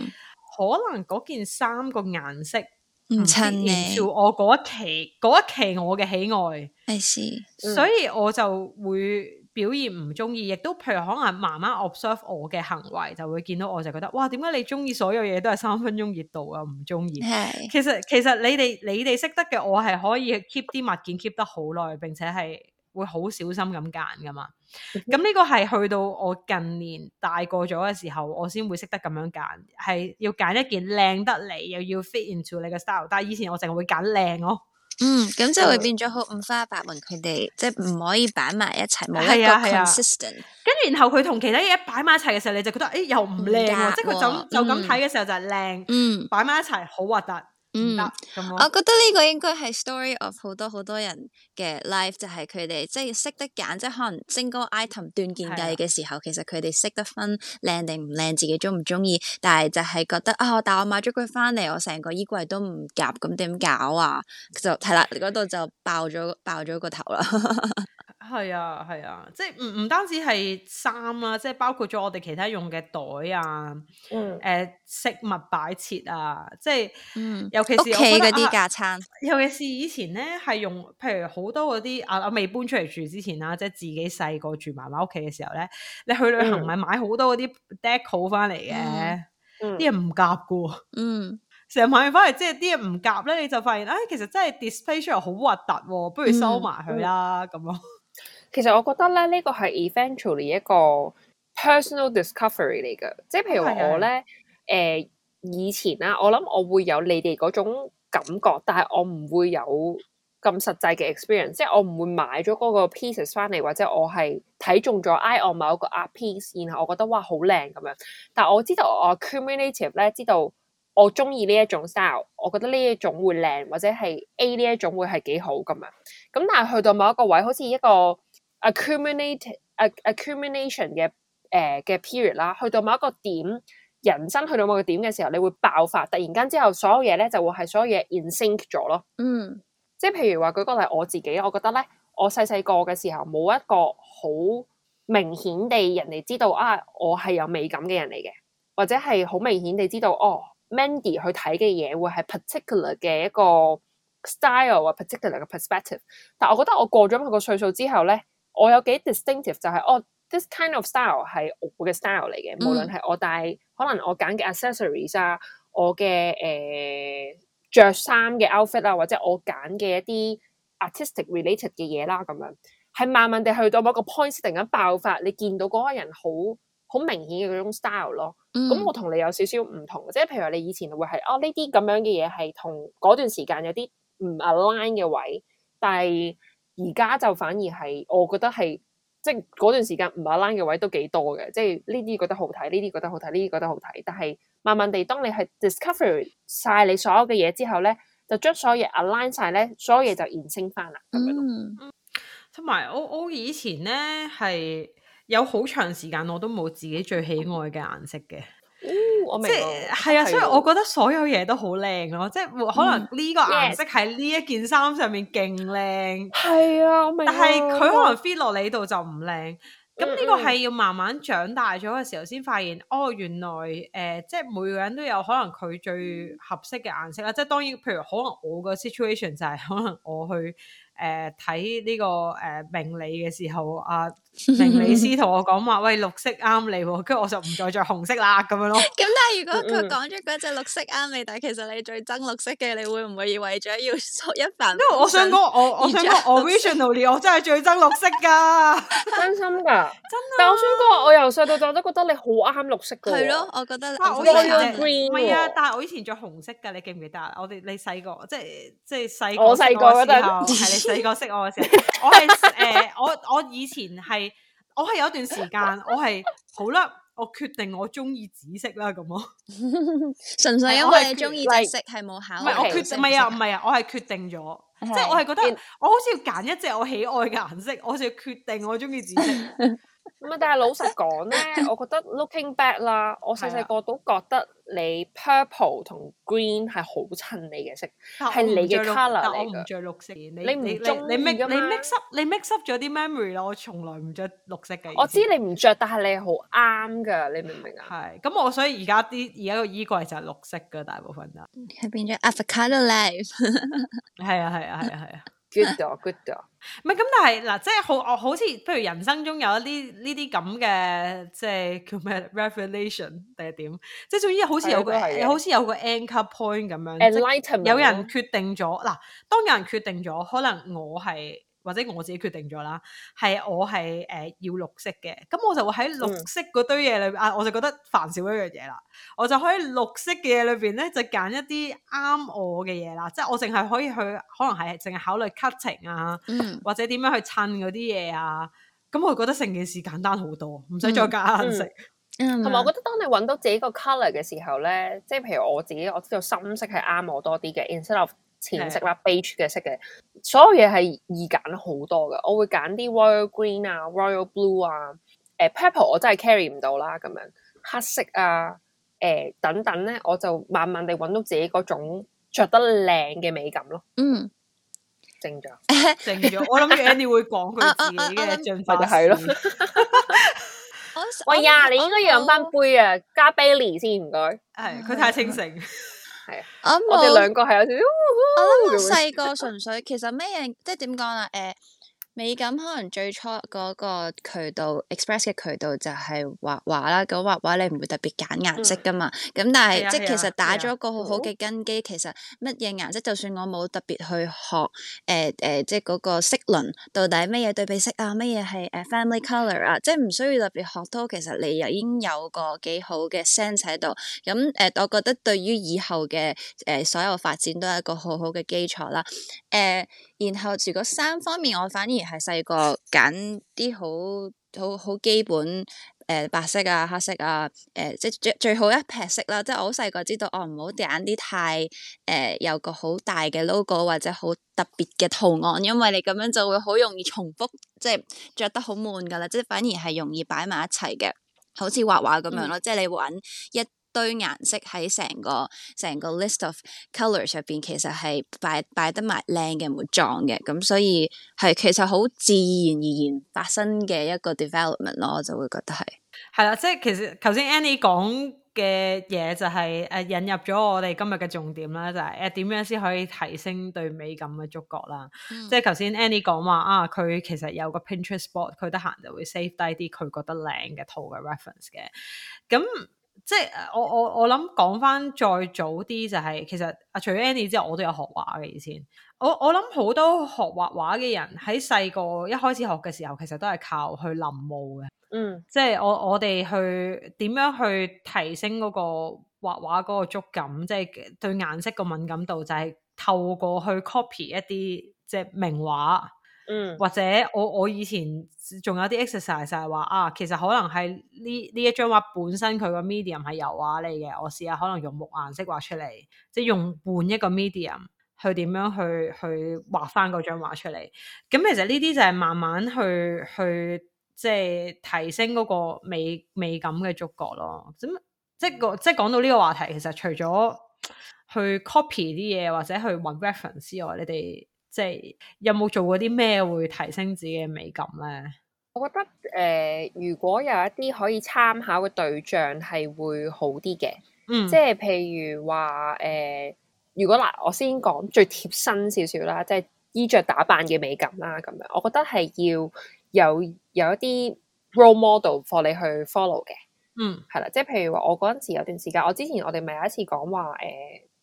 可能嗰件衫個顏色唔襯住我嗰一期嗰一期我嘅喜愛，係、嗯、所以我就會。表現唔中意，亦都譬如可能慢慢 observe 我嘅行為，就會見到我就覺得，哇！點解你中意所有嘢都係三分鐘熱度啊？唔中意。係。其實其實你哋你哋識得嘅，我係可以 keep 啲物件 keep 得好耐，並且係會好小心咁揀噶嘛。咁呢 個係去到我近年大個咗嘅時候，我先會識得咁樣揀，係要揀一件靚得嚟，又要 fit into 你嘅 style。但係以前我淨係會揀靚哦。嗯，咁即係會變咗好五花八門，佢哋 即係唔可以擺埋一齊冇的一個 consistent 跟住然後佢同其他嘢擺埋一齊嘅時候，你就覺得誒、哎、又唔靚、啊，啊、即係佢就、嗯、就咁睇嘅時候就係靚，擺埋、嗯、一齊好核突。嗯，我覺得呢個應該係 story of 好多好多人嘅 life，就係佢哋即係識得揀，即係可能精哥 item 斷件計嘅時候，其實佢哋識得分靚定唔靚，自己鍾唔鍾意，但係就係覺得啊，但我買咗佢返嚟，我成個衣櫃都唔夾，咁點搞啊？就係啦，嗰度就爆咗爆咗個頭啦。 係啊，係啊，即係唔唔單止係衫啦，即係包括咗我哋其他用嘅袋啊，嗯，誒，飾物擺設啊，即係，嗯，尤其是屋企嗰啲架撐，尤其是以前咧係用，譬如好多嗰啲，啊，我未搬出嚟住之前啦，即係自己細個住埋喺屋企嘅時候咧，你去旅行咪買好多嗰啲 deco 翻嚟嘅，啲人唔夾噶，嗯，成日買翻嚟即係啲嘢唔夾咧，你就發現，哎，其實真係 display 出嚟好核突，不如收埋佢啦，咁咯。其實我覺得咧，呢、這個係 eventually 一個 personal discovery 嚟㗎。即係譬如我咧，誒、 呃、以前啦，我諗我會有你哋嗰種感覺，但係我唔會有咁實際嘅 experience。即係我唔會買咗嗰個 pieces 翻嚟，或者我係睇中咗 eye on 某一個 art piece，然後我覺得哇好靚咁樣。但係我知道我 accumulative 咧，知道我中意呢一種 style，我覺得呢一種會靚，或者係 A 呢一種會係幾好咁樣。咁但係去到某一個位，好似一個。accumulated accumulation 嘅誒嘅 period 啦，去到某一個點，人生去到某個點嘅時候，你會爆發，突然間之後，所有嘢咧就會係所有嘢 in sync 咗咯。嗯，即係譬如話，舉個例，我自己，我覺得咧，我細細個嘅時候冇一個好明顯地人哋知道啊，我係有美感嘅人嚟嘅，或者係好明顯地知道哦，Mandy 去睇嘅嘢會係 particular 嘅一個 style 或 particular 嘅 perspective，但我覺得我過咗某個歲數之後咧。我有幾 distinctive 就係、是、哦，this kind of style 係我嘅 style 嚟嘅，嗯、無論係我戴，可能我揀嘅 accessories 啊，我嘅誒著、呃、衫嘅 outfit 啊，或者我揀嘅一啲 artistic related 嘅嘢啦，咁樣係慢慢地去到某一個 point，突然間爆發，你見到嗰個人好好明顯嘅嗰種 style 咯。咁、嗯、我同你有少少唔同，即係譬如話你以前會係哦，呢啲咁樣嘅嘢係同嗰段時間有啲唔 align 嘅位，但係，而家就反而係，我覺得係即係嗰段時間唔係 align 嘅位都幾多嘅，即係呢啲覺得好睇，呢啲覺得好睇，呢啲覺得好睇。但係慢慢地，當你係 discover 曬你所有嘅嘢之後咧，就將所有嘢 align 曬咧，所有嘢就延伸翻啦。嗯，同埋我我以前咧係有好長時間我都冇自己最喜愛嘅顏色嘅。嗯、我明，即係啊，啊所以我覺得所有嘢都好靚咯，即係可能呢個顏色喺呢一件衫上面勁靚，係啊、嗯，我明。但係佢可能 fit 落你度就唔靚，咁呢、嗯、個係要慢慢長大咗嘅時候先發現，嗯、哦，原來誒、呃，即係每個人都有可能佢最合適嘅顏色啦，嗯、即係當然，譬如可能我個 situation 就係、是、可能我去誒睇呢個誒命理嘅時候啊。明美師同我講話，喂，綠色啱你，跟住，我就唔再着紅色啦，咁樣咯。咁 但係如果佢講咗嗰隻綠色啱你，但係其實你最憎綠色嘅，你會唔會以為咗要索一飯？因為我想講，我我想講 ，originally 我真係最憎綠色噶， 真心噶，真、啊。但我想講，我由細到大都覺得你好啱綠色噶。係咯，我覺得。唔係啊，但係我以前着紅色噶，你記唔記得？我哋你細個，即係即係細。我細個嗰陣係你細個識我嘅時候，時候我係誒，我我以前係。我係有一段時間， 我係好啦，我決定我中意紫色啦，咁咯，純 粹因為你中意紫色係冇考慮，唔係 我決唔係啊，唔係啊，我係決定咗，即係 我係覺得 我好似要揀一隻我喜愛嘅顏色，我就決定我中意紫色。 咁啊！但係老實講咧，我覺得 looking back 啦，我細細個都覺得你 purple 同 green 係好襯你嘅色，係你嘅 color 嚟噶。我唔着綠色，你你你你 mix 你 mix up 你 mix up 咗啲 memory 啦，我從來唔着綠色嘅。我知你唔着，但係你好啱噶，你明唔明啊？係。咁，我所以而家啲而家個衣櫃就係綠色噶，大部分都係變咗 avocado life。係啊係啊係啊係啊！good dog，good dog，唔係咁、嗯，但係嗱，即係好，我好似，譬如人生中有一啲呢啲咁嘅，即係叫咩？revelation 定係點？即係總之好似有個，好似有個 anchor point 咁樣 Enlightenment，有人決定咗。嗱，當有人決定咗，可能我係。或者我自己決定咗啦，係我係誒、呃、要綠色嘅，咁我就會喺綠色嗰堆嘢裏面啊，嗯、我就覺得煩少一樣嘢啦。我就可以綠色嘅嘢裏邊咧，就揀一啲啱我嘅嘢啦。即、就、係、是、我淨係可以去，可能係淨係考慮 cutting 啊，嗯、或者點樣去襯嗰啲嘢啊。咁我覺得成件事簡單好多，唔使再揀顏色。同埋我覺得當你揾到自己個 colour 嘅時候咧，即、就、係、是、譬如我自己我知道深色係啱我多啲嘅，instead of 淺色啦，beige 嘅色嘅，所有嘢係易揀好多㗎。我會揀啲 royal green 啊，royal blue 啊，誒、呃、purple 我真係 carry 唔到啦，咁樣黑色啊，誒、呃，等等咧，我就慢慢地揾到自己嗰種着得靚嘅美感咯。嗯，正咗了， 正咗。我諗住 Andy 會講佢自己嘅進化史咯。喂呀， 你應該要飲翻杯啊，加 Bailey 先唔該。係，佢太清醒。 啊、我我哋兩個係有少少、 啊，我諗我細個純粹其實咩人，即係點講啦？誒、呃。美感可能最初嗰個渠道 express 嘅渠道就係畫畫啦，咁、那、畫、個、畫，畫你唔會特別揀顏色噶嘛，咁、嗯、但係的即係的其實打咗一個好好嘅根基，其實乜嘢顏色就算我冇特別去學誒誒、呃呃、即係嗰個色輪到底乜嘢對比色啊，乜嘢係誒 family color 啊，即係唔需要特別學多，其實你又已經有個幾好嘅 sense 喺度，咁、嗯、誒、呃、我覺得對於以後嘅誒、呃、所有發展都係一個好好嘅基礎啦，誒、呃、然後如果三方面我反而。係細個揀啲好好好基本誒、呃、白色啊，黑色啊，誒即最最好一撇色啦，即我好細個知道哦，唔好揀啲太誒、呃、有個好大嘅 logo 或者好特別嘅圖案，因為你咁樣就會好容易重複，即着得好悶噶啦，即反而係容易擺埋一齊嘅，好似畫畫咁樣咯，嗯、即你揾一。堆顏色喺成個成個 list of colours 入邊，其實係擺擺得埋靚嘅唔撞嘅，咁所以係其實好自然而然發生嘅一個 development 咯，我就會覺得係係啦。即係其實頭先 Annie 講嘅嘢就係誒引入咗我哋今日嘅重點啦，就係誒點樣先可以提升對美感嘅觸覺啦。即係頭先 Annie 講話啊，佢其實有個 Pinterest board，佢得閒就會 save 低啲佢覺得靚嘅圖嘅 reference 嘅咁。嗯。即係我我我諗，講翻再早啲就係其實阿除咗 Andy 之外我都有學畫嘅。以前我我諗好多學畫畫嘅人喺細個一開始學嘅時候其實都係靠去臨摹嘅，嗯，即係我我哋去點樣去提升嗰個畫畫嗰個觸感，即係對顏色個敏感度就係透過去 copy 一啲即係名畫。或者我我以前仲有啲 exercise 係話啊，其實可能係呢呢一張畫本身佢個 medium 係油畫嚟嘅，我試下可能用木顏色畫出嚟，即係用換一個 medium 去點樣去去畫翻嗰張畫出嚟。咁其實呢啲就係慢慢去去即係提升嗰個美美感嘅觸覺咯。咁即係個即係講到呢個話題，其實除咗去 copy 啲嘢，或者去搵 reference 之外，你哋。即係有冇做過啲咩會提升自己嘅美感咧？我覺得誒、呃，如果有一啲可以參考嘅對象係會好啲嘅，嗯，即係譬如話誒、呃，如果嗱，我先講最貼身少，少少啦，即係衣着打扮嘅美感啦，咁樣，我覺得係要有有一啲 role model for 你去 follow 嘅，嗯，係啦，即係譬如話我嗰陣時有段時間，我之前我哋咪有一次講話誒。呃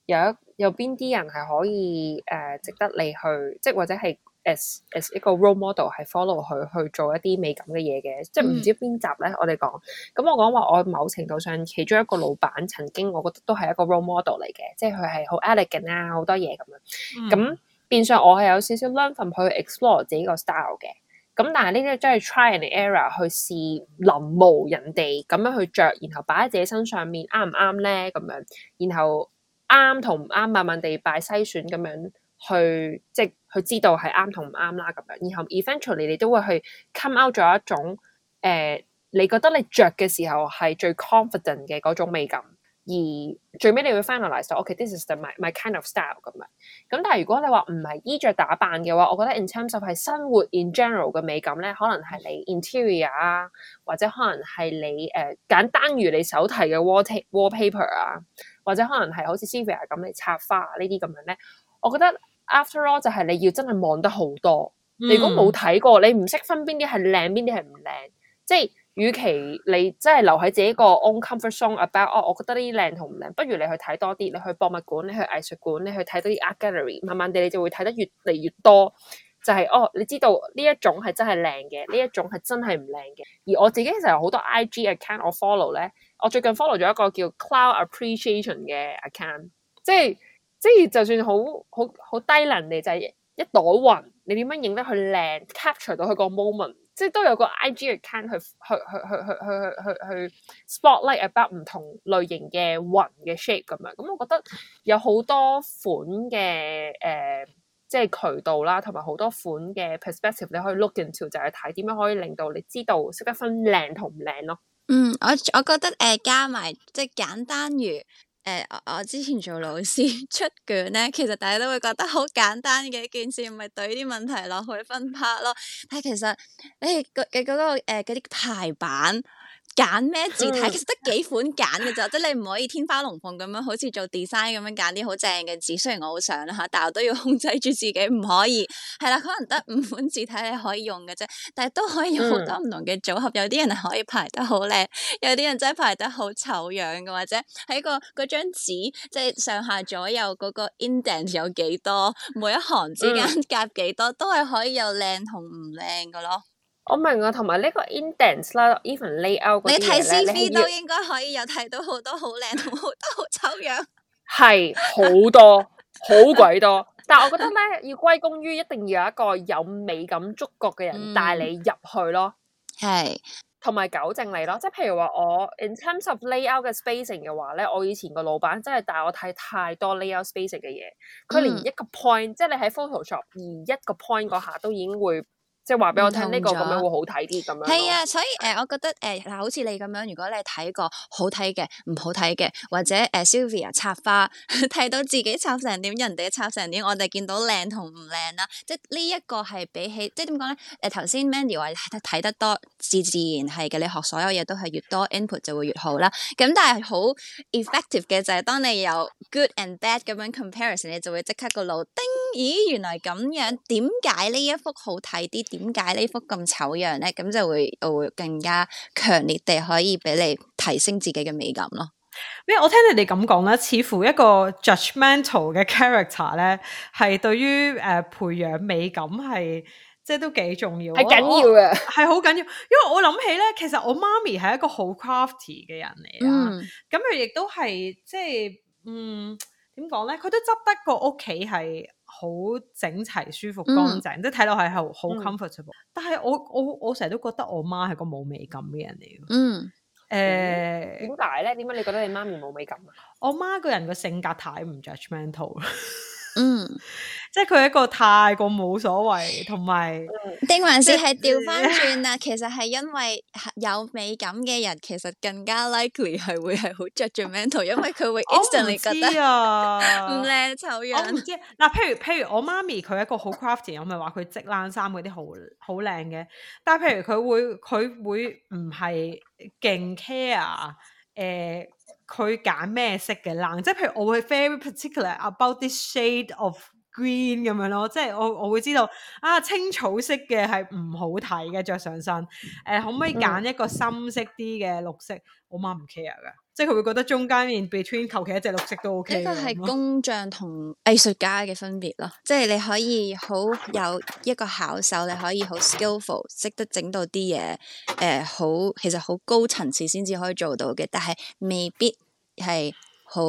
有一有邊啲人係可以誒、呃、值得你去即係或者係 as,、um. as as 一個 role model 係 follow 佢去做一啲美感嘅嘢嘅，即係唔知邊集咧。我哋講咁，我講話我某程度上其中一個老闆曾經，我覺得都係一個 role model 嚟嘅，即係佢係好 elegant 啊，好多嘢咁樣。咁、um. 變相我係有少少 learn from，去 explore 自己個 style 嘅。咁但係呢啲真係 try and error 去試臨摹人哋咁樣去着，然後擺喺自己身上面啱唔啱咧咁樣，然後。啱同唔啱，慢慢地拜篩選咁樣去，即係去知道係啱同唔啱啦。咁樣，然後 eventually 你都會去 come out 咗一種誒、呃、你覺得你着嘅時候係最 confident 嘅嗰種美感。而最尾你會 finalise 到，OK，this、okay, is the my, my kind of style 咁樣。咁但係如果你話唔係衣着打扮嘅話，我覺得 in terms of 係生活 in general 嘅美感咧，可能係你 interior 你、呃、你啊，或者可能係你誒簡單如你手提嘅 wall wallpaper 啊，或者可能係好似 Sylvia 咁嚟插花啊呢啲咁樣咧，我覺得 after all 就係你要真係望得好多。你、嗯、如果冇睇過，你唔識分邊啲係靚，邊啲係唔靚，即係。與其你真係留喺自己個 own comfort zone about 哦，我覺得呢啲靚同唔靚，不如你去睇多啲，你去博物館，你去藝術館，你去睇多啲 art gallery，慢慢地你就會睇得越嚟越多。就係、是、哦，你知道呢一種係真係靚嘅，呢一種係真係唔靚嘅。而我自己其實有好多 IG account 我 follow 咧，我最近 follow 咗一個叫 Cloud Appreciation 嘅 account，即係即係就算好好好低能你就係、是、一朵雲，你點樣影得佢靚，capture 到佢個 moment？即係都有個 IG account 去去去去去去去去 spotlight about 唔同類型嘅雲嘅 shape 咁樣，咁我覺得有好多款嘅。誒，即係渠道啦，同埋好多款嘅 perspective 你可以 look into，就係睇點樣可以令到你知道識得分靚同唔靚咯。嗯，我我覺得誒、呃、加埋即係簡單如。誒、呃，我之前做老師出卷呢，其實大家都會覺得好簡單嘅一件事，唔係懟啲問題落去分拍咯。但係其實你嘅嗰、嗰個誒啲、嗰個呃、排版。揀咩字體，其實得幾款揀嘅啫，即係 你唔可以天花龍鳳咁樣，好似做 design 咁樣揀啲好正嘅字。雖然我好想啦吓，但係我都要控制住自己唔可以。係啦，可能得五款字體你可以用嘅啫，但係都可以用好多唔同嘅組合。有啲人係可以排得好靚，有啲人真係排得好醜樣嘅，或者喺、嗰個嗰張紙即係上下左右嗰個 indent 有幾多，每一行之間隔幾多， 都係可以有靚同唔靚嘅咯。我明啊，同埋呢個 indent 啦，even layout 嗰啲嘢咧，你睇 CV 都應該可以有睇到好多好靚同好多好醜樣。係好多，好 鬼多。但係我覺得咧，要歸功於一定要有一個有美感觸覺嘅人帶你入去咯。係、嗯，同埋糾正你咯。即係譬如話我 in terms of layout 嘅 spacing 嘅話咧，我以前個老闆真係帶我睇太多 layout spacing 嘅嘢，佢連一個 point，、嗯、即係你喺 Photoshop 而一個 point 嗰下都已經會。即係話俾我聽，呢個咁樣會好睇啲咁樣。係啊，所以誒、呃，我覺得誒嗱、呃，好似你咁樣，如果你睇過好睇嘅、唔好睇嘅，或者誒、呃、Sylvia 插花，睇 到自己插成點，人哋插成點，我哋見到靚同唔靚啦。即係呢一個係比起即係點講咧？誒頭先 Mandy 話睇得多，自自然係嘅。你學所有嘢都係越多 input 就會越好啦。咁但係好 effective 嘅就係、是、當你有 good and bad 咁樣 comparison，你就會即刻個腦叮。咦，原來咁樣？點解呢一幅好睇啲？點解呢幅咁醜樣咧？咁就會我會更加強烈地可以俾你提升自己嘅美感咯。咩？我聽你哋咁講咧，似乎一個 judgmental 嘅 character 咧，係對於誒、呃、培養美感係即係都幾重要，係緊要嘅，係好緊要。因為我諗起咧，其實我媽咪係一個好 crafty 嘅人嚟啊。咁佢亦都係即係，嗯，點講咧？佢都執得個屋企係。好整齊、舒服、乾淨，即係睇落去好，好 comfortable。嗯、但係我我我成日都覺得我媽係個冇美感嘅人嚟嘅。嗯，誒、欸，點解咧？點解你覺得你媽咪冇美感啊？我媽個人個性格太唔 judgmental。嗯。即係佢一個太過冇所謂，同埋定還是係調翻轉啊？ 其實係因為有美感嘅人，其實更加 likely 係會係好 judgemental，因為佢會 instantly 覺得唔靚、啊、醜 樣。我唔知嗱，譬如譬如，譬如我媽咪佢係一個 craft ian, 好 crafty，我咪話佢織冷衫嗰啲好好靚嘅。但係譬如佢會佢會唔係勁 care 誒、呃？佢揀咩色嘅冷？即係譬如我會 very particular about this shade of green 咁樣咯，即係我我會知道啊，青草色嘅係唔好睇嘅，着上身誒、呃，可唔可以揀一個深色啲嘅綠色？我媽唔 care 噶，即係佢會覺得中間面 between 求其一隻綠色都 OK。一個係工匠同藝術家嘅分別咯， 即係你可以好有一個巧手，你可以好 skillful，識得整到啲嘢誒，好其實好高層次先至可以做到嘅，但係未必係好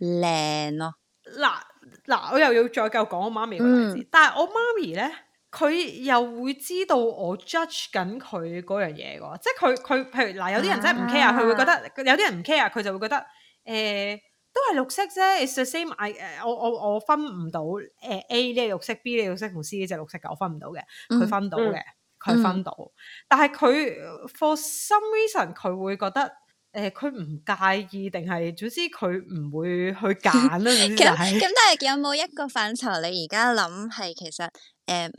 靚咯。嗱。嗱，我又要再繼續講我媽咪嘅例子，嗯、但係我媽咪咧，佢又會知道我 judge 緊佢嗰樣嘢喎，即係佢佢譬如嗱有啲人真係唔 care，佢會覺得、啊、有啲人唔 care，佢就會覺得誒、欸、都係綠色啫，it's the same，I,、呃、我我我分唔到誒 A 呢個綠色，B 呢綠色同 C 呢隻綠色，綠色綠色我分唔到嘅，佢分到嘅，佢、嗯、分，分到，嗯、但係佢 for some reason 佢會覺得。誒，佢唔介意定係，總之佢唔會去揀啦。其實咁，但係有冇一個範疇？你而家諗係其實，誒，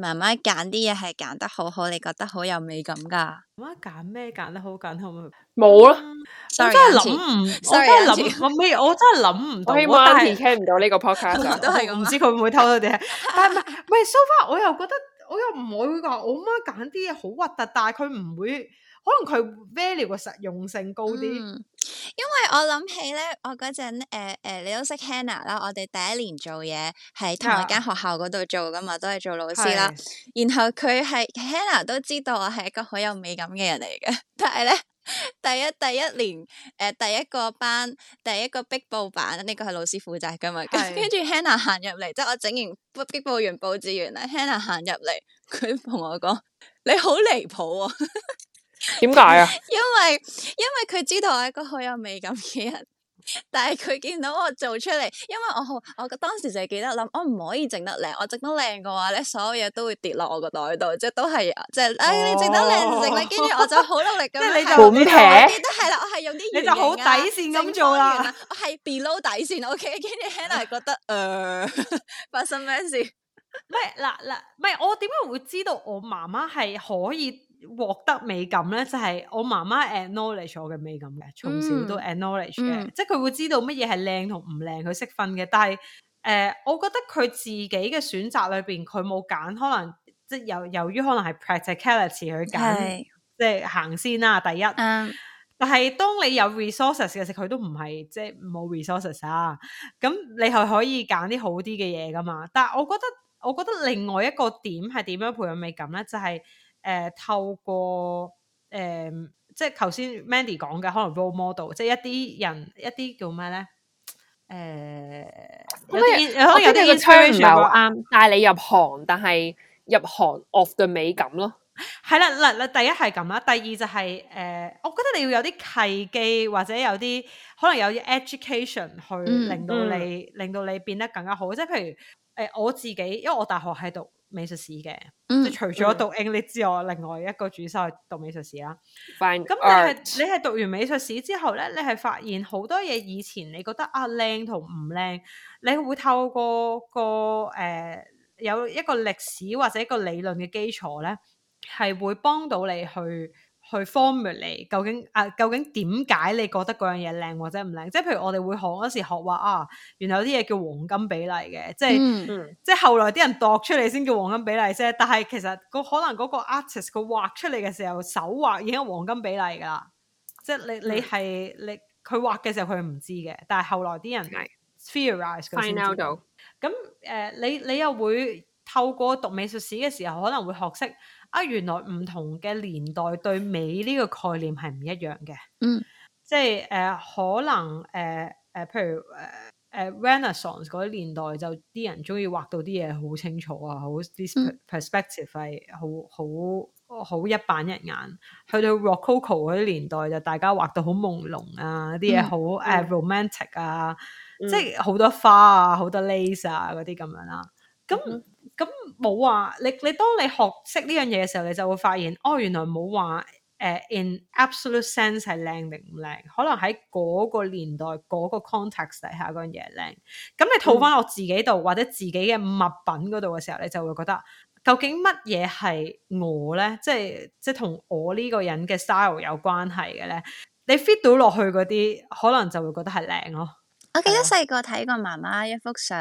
媽媽揀啲嘢係揀得好好，你覺得，媽媽得好，好有美感噶？媽揀咩揀得好緊？好唔好？冇啦，我真係諗唔，我真係諗，我未，我真係諗唔到。我阿媽聽唔到呢個 podcast，都係唔知佢會唔會偷偷哋。 但係唔係，喂，so far，我又覺得我又唔會話，我媽揀啲嘢好核突，但係佢唔會。可能佢 value 嘅實用性高啲。嗯，因為我諗起咧，我嗰陣誒誒，你都識 Hannah 啦。我哋第一年做嘢喺同一間學校嗰度做噶嘛，Yeah. 都係做老師啦。是然後佢係 Hannah 都知道我係一個好有美感嘅人嚟嘅，但係咧第一第一年誒、呃、第一個班第一個壁報版呢、這個係老師負責噶嘛，跟住 Hannah 行入嚟，即係我整完壁壁報紙完布置完啦，Hannah 行入嚟，佢同我講，你好離譜。 點解啊？因為因為佢知道我係一個好有美感嘅人，但係佢見到我做出嚟，因為我我當時就係記得諗，我唔可以整得靚，我整得靚嘅話咧，所有嘢都會跌落我個袋度，即係都係即係，你整得靚唔靚？跟住、oh、我就好努力咁， 即係你就咁、是、平，都係啦，我係用啲、啊，你就好底線咁做啦、啊啊，我係 below 底線，OK？跟住 Henry 覺得，誒， 發生咩事？喂，嗱嗱，唔係我點解會知道我媽媽係可以？獲得美感咧，就係、是、我媽媽 acknowledge 我嘅美感嘅，從小都 acknowledge 嘅，嗯嗯、即係佢會知道乜嘢係靚同唔靚，佢識分嘅。但係誒、呃，我覺得佢自己嘅選擇裏邊，佢冇揀，可能即係由由於可能係 practicality 去揀，是即係行先啦、啊。第一，嗯、但係當你有 resources 嘅時，佢都唔係即係冇 resources 啊。咁你係可以揀啲好啲嘅嘢噶嘛？但係我覺得，我覺得另外一個點係點樣培養美感咧，就係、是。誒、呃，透過誒、呃，即係頭先 Mandy 講嘅，可能 role model，即係一啲人，一啲叫咩咧？誒、呃，有啲有啲嘅 charge 唔係好啱，帶你，你入行，但係入行 off 嘅美感咯。係啦，嗱、嗯，嗱、嗯，第一係咁啦，第二就係誒，我覺得你要有啲契機，或者有啲可能有啲 education 去令到你，令到你變得更加好。即係譬如誒、呃，我自己，因為我大學喺度。美術史嘅，嗯、即係除咗讀 English 之外，嗯、另外一個主修係讀美術史啦。咁 Find art. 你係你係讀完美術史之後咧，你係發現好多嘢以前你覺得啊靚同唔靚，你會透過個誒、呃、有一個歷史或者一個理論嘅基礎咧，係會幫到你去。佢 formulate 嚟，form ary，究竟啊，究竟點解你覺得嗰樣嘢靚或者唔靚？即係譬如我哋會學嗰時學話啊，原來有啲嘢叫黃金比例嘅，即係、嗯嗯、即係後來啲人度出嚟先叫黃金比例啫。但係其實佢可能嗰個 artist 佢畫出嚟嘅時候手畫已經有黃金比例噶啦，即係你你係你佢畫嘅時候佢唔知嘅，但係後來啲人係 theorise 佢先知道咁誒、嗯嗯呃，你你又會透過讀美術史嘅時候，可能會學識。啊，原來唔同嘅年代對美呢個概念係唔一樣嘅。嗯，即係誒、呃，可能誒誒、呃，譬如誒誒、呃呃，Renaissance 嗰啲年代就啲人中意畫到啲嘢好清楚啊，好 d perspective 係好好好一板一眼。去到 Rococo 嗰啲年代就大家畫到好朦朧啊，啲嘢好誒 romantic 啊，嗯、即係好多花啊，好多 lace 啊嗰啲咁樣啦。咁、嗯嗯嗯咁冇話，你你當你學識呢樣嘢嘅時候，你就會發現，哦，原來冇話誒，in absolute sense 係靚定唔靚，可能喺嗰個年代嗰個 context 底下嗰樣嘢靚。咁你套翻落自己度、嗯、或者自己嘅物品嗰度嘅時候，你就會覺得究竟乜嘢係我咧？即係即係同我呢個人嘅 style 有關係嘅咧？你 fit 到落去嗰啲，可能就會覺得係靚咯。我記得細個睇過媽媽一幅相，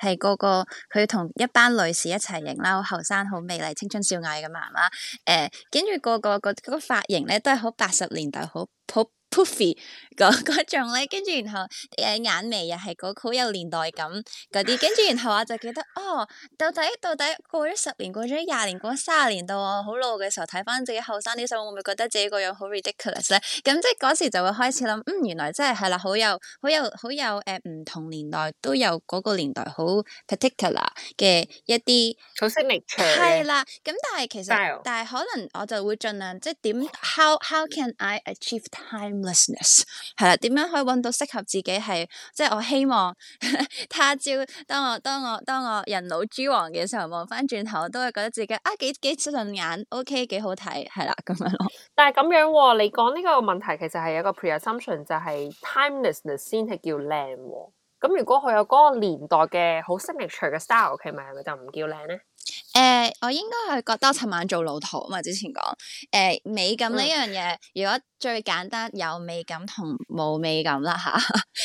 係個個佢同一班女士一齊影啦，好後生，好美麗，青春少艾嘅媽媽。誒、呃，跟住個個個嗰個髮型咧，都係好八十年代，好好 poofy。Po 嗰 種咧，跟住然後誒眼眉又係嗰、那個好有年代感嗰啲，跟住然後我就記得哦，到底到底過咗十年，過咗廿年，過咗卅年，到我好老嘅時候，睇翻自己後生啲時候，會唔會覺得自己個樣好 ridiculous 咧？咁、嗯、即係嗰時就會開始諗，嗯，原來真係係啦，好有好有好有誒唔、呃、同年代都有嗰個年代好 particular 嘅一啲好 signature 係啦。咁、嗯、但係其實 style. 但係可能我就會盡量即係點？How how can I achieve timelessness？係啦，點樣可以揾到適合自己係？即係我希望 他朝當我當我當我人老珠黃嘅時候望翻轉頭，我都係覺得自己啊幾幾順眼，OK，幾好睇，係啦咁樣咯。但係咁樣、哦，你講呢個問題，其實係有個 pre assumption 就係 timelessness 先係叫靚、哦。咁如果佢有嗰個年代嘅好 signature 嘅 style，係咪係咪就唔叫靚咧？誒、呃，我應該係覺得尋晚做老土啊嘛，之前講誒、呃、美感呢樣嘢，嗯、如果最簡單有美感同冇美感啦吓。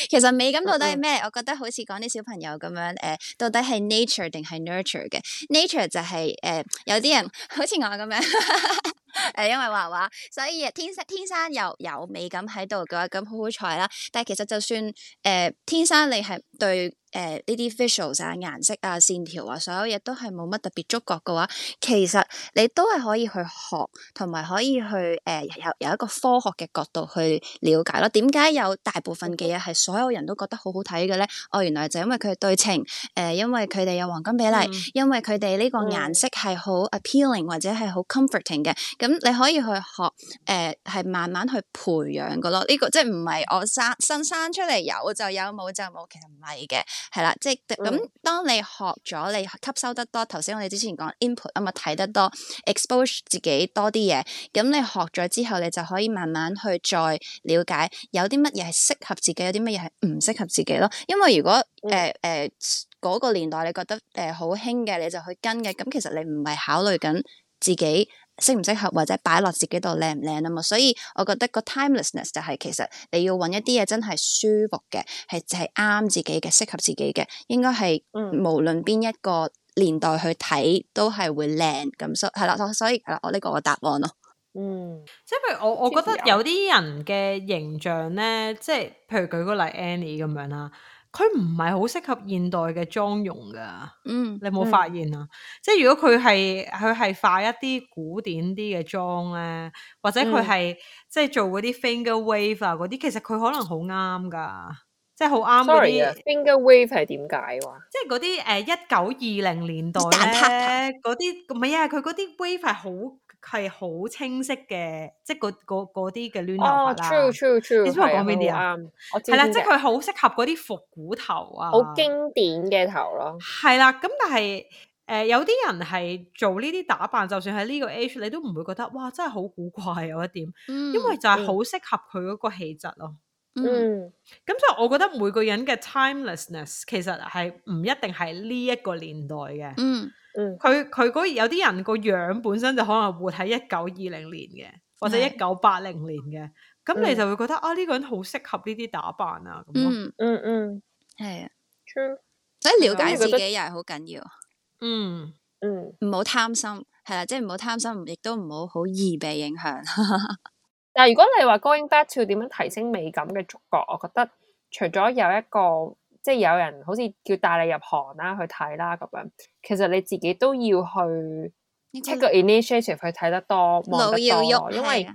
其實美感到底係咩？嗯、我覺得好似講啲小朋友咁樣，誒、呃，到底係 nature 定係 nurture 嘅？nature 就係、是、誒、呃，有啲人好似我咁樣，誒、 呃，因為畫畫，所以天生天生又有美感喺度嘅話，咁好好彩啦。但係其實就算誒、呃、天生你係對。誒呢啲 facials 啊、顏色啊、線條啊，所有嘢都係冇乜特別觸覺嘅話，其實你都係可以去學，同埋可以去誒、呃、有有一個科學嘅角度去了解咯。點解有大部分嘅嘢係所有人都覺得好好睇嘅咧？哦，原來就因為佢對稱，誒、呃，因為佢哋有黃金比例，嗯、因為佢哋呢個顏色係好 appealing 或者係好 comforting 嘅。咁、嗯嗯、你可以去學誒，係、呃、慢慢去培養嘅咯。呢、這個即係唔係我生新生，生出嚟有就有冇就冇，其實唔係嘅。係啦，即係咁。當你學咗，你吸收得多。頭先我哋之前講 input 啊、嗯、嘛，睇得多，exposure 自己多啲嘢。咁你學咗之後，你就可以慢慢去再了解，有啲乜嘢係適合自己，有啲乜嘢係唔適合自己咯。因為如果誒誒嗰個年代你覺得誒好興嘅，你就去跟嘅，咁其實你唔係考慮緊。自己適唔適合，或者擺落自己度靚唔靚啊嘛，所以我覺得個 timelessness 就係其實你要揾一啲嘢真係舒服嘅，係係啱自己嘅，適合自己嘅，應該係無論邊一個年代去睇都係會靚咁。所以係啦，所以係啦，這個、我呢個我答案咯。嗯，即係譬如我，我覺得有啲人嘅形象咧，即係譬如舉個例，例，Annie 咁樣啦。佢唔係好適合現代嘅妝容噶，嗯，你有冇發現啊？嗯、即係如果佢係佢係化一啲古典啲嘅妝咧，或者佢係、嗯、即係做嗰啲 finger wave 啊嗰啲，其實佢可能好啱噶，即係好啱嗰啲 finger wave 係點解話？即係嗰啲誒一九二零年代咧，嗰啲唔係啊，佢嗰啲 wave 係好。係好清晰嘅，即係嗰啲嘅攣頭髮啦。啊 oh, true, true, true. 你知我講邊啲啊？係啦、啊，即係佢好適合嗰啲復古頭啊。好經典嘅頭咯、啊。係啦、啊，咁但係誒、呃，有啲人係做呢啲打扮，就算喺呢個 age，你都唔會覺得哇，真係好古怪有一點。嗯、因為就係好適合佢嗰個氣質咯、啊。嗯，咁、嗯、所以我覺得每個人嘅 timelessness 其實係唔一定係呢一個年代嘅。嗯嗯，佢佢有啲人個樣本身就可能活喺一九二零年嘅，或者一九八零年嘅，咁是你就會覺得、嗯、啊呢、這個人好適合呢啲打扮啊。嗯嗯嗯，係啊，True. 所以了解自己又係好緊要。嗯嗯，唔好貪心，係啦、啊，即係唔好貪心，亦都唔好好易被影響。 但係如果你話 going back to 點樣提升美感嘅觸覺，我覺得除咗有一個即係有人好似叫帶你入行啦去睇啦咁樣，其實你自己都要去 take a initiative 個 initiative 去睇得多，望得多，要因為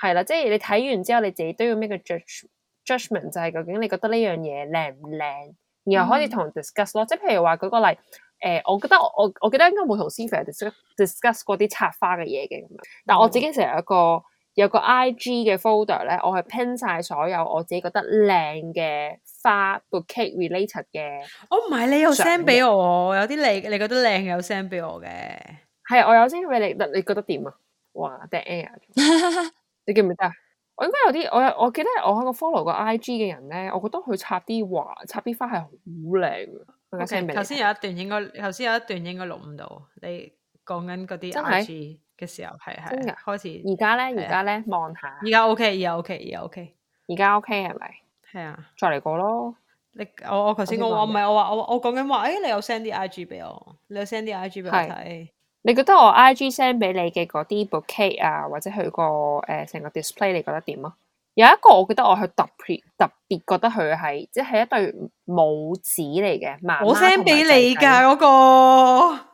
係啦的，即係你睇完之後你自己都要 make 個 judgement，judgement 就係究竟你覺得呢樣嘢靚唔靚，然後開始同人 discuss 咯。嗯、即係譬如話舉個例，誒、呃，我覺得我我，我記得應該冇同 Cynthia discuss discuss 過啲插花嘅嘢嘅咁樣，但我自己成日有一個。嗯有個 I G 嘅 folder 咧，我係拼晒所有我自己覺得靚嘅花 bouquet related 嘅。我唔係你有 send 俾我，有啲你你覺得靚有 send 俾我嘅。係，我有 send 俾你，你覺得點啊？哇，戴 Air！ 你記唔記得啊？我應該有啲，我我記得我喺個 follow 個 I G 嘅人咧，我覺得佢插啲花插啲花係好靚。頭先有, okay, 有一段應該，頭先有一段應該錄唔到，你講緊嗰啲 I G。嘅時候係係今日開始，而家咧，而家咧望下，而家的 OK 而家 OK 而家 OK，而家 OK 係咪？係啊的，再嚟過咯。你我我頭先講我唔係我話我我講緊話，誒、欸、你有 send 啲 IG 俾我，你有 send 啲 IG 俾我睇。你覺得我 IG send 俾你嘅嗰啲 bookcase 啊，或者佢個誒成個 display，你覺得點啊？有一個我覺得我係特別特別覺得佢係即係一對拇指嚟嘅。冇 send 俾你㗎嗰、那個。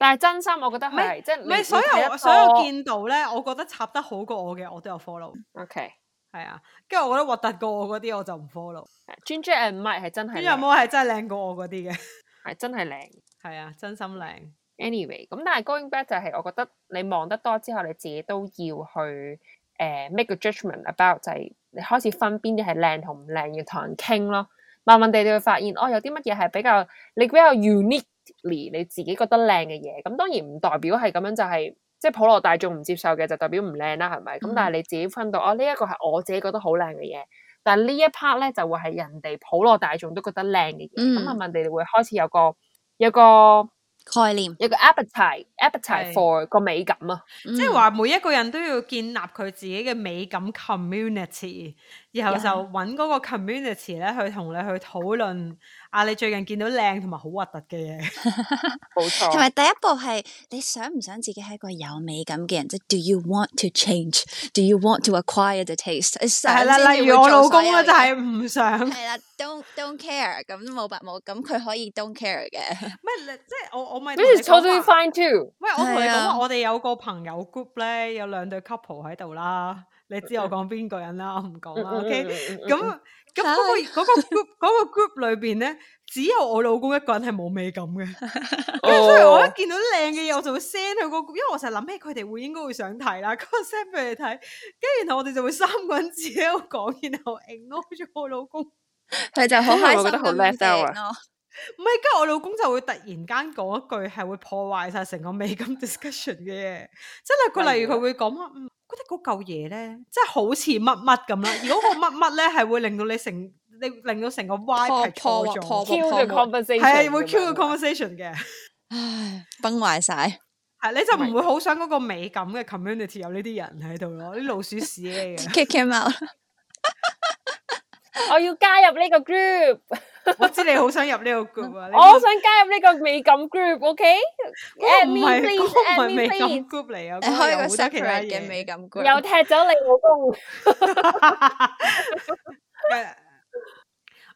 但係真心，我覺得係即係唔係所有。所有見到咧，我覺得插得好過我嘅，我都有 follow。OK，係啊。跟住我覺得核突過我嗰啲，我就唔 follow、嗯。Ginger and Mike 係真係有冇係真係靚過我嗰啲嘅？係真係靚，係啊，真心靚。Anyway，咁、嗯、但係 going back 就係、是、我覺得你望得多之後，你自己都要去誒、呃、make a judgment about，就係你開始分邊啲係靚同唔靚要同人傾咯。慢慢地你會發現哦，有啲乜嘢係比較你比，比較 unique。你自己覺得靚嘅嘢，咁當然唔代表係咁樣就係、是，即係普羅大眾唔接受嘅就代表唔靚啦，係咪？咁、嗯、但係你自己分到啊，呢、哦、一、這個係我自己覺得好靚嘅嘢，但係呢一 part 咧就會係人哋普羅大眾都覺得靚嘅嘢，咁係咪、嗯？你哋會開始有個有個概念，有一個 appetite, appetite appetite 是 for 個美感啊，是嗯、即係話每一個人都要建立佢自己嘅美感 community，然後就揾嗰個 community 咧去同你去討論。啊！你最近見到靚同埋好核突嘅嘢，冇錯。同埋第一步係你想唔想自己係一個有美感嘅人，即係 Do you want to change? Do you want to acquire the taste？係啦，例如我老公咧就係唔想。係啦，Don't don't care 咁冇白冇，咁佢可以 don't care 嘅。唔係，即係我我咪。比如，I'm doing fine too。喂，我同你講啊，我哋有個朋友 group 咧，有兩對 couple 喺度啦。你知我講邊個人啦，我唔講啦。OK，咁咁嗰個 group 嗰 group 裏邊咧，只有我老公一個人係冇美感嘅。跟住所以，我一見到靚嘅嘢，我就會 send 佢嗰個，因為我成日諗起佢哋會應該會想睇啦，咁 send 俾你睇。跟住然後我哋就會三個人自己喺度講，然後 ignore 咗我老公，佢就好開心，我覺得好唔係，跟住我，、啊、我老公就會突然間講一句，係會破壞晒成個美感 discussion 嘅嘢。即係例如例如佢會講覺得嗰嚿嘢咧，真係好似乜乜咁啦，如果個乜乜咧係會令到你成，令令到成個歪係錯咗，係會 kill 個 conversation 嘅， 唉，崩壞晒，係 你就唔會好想嗰個美感嘅 community 有呢啲人喺度咯，啲 老鼠屎嚟嘅 k i k m o、L L、 我要加入呢個 group。我知你好想入呢個 group 啊！我想加入呢個美感 group，OK？唔係，唔係美感 group 嚟啊！開個 secret 嘅美感 group，又踢咗你老公。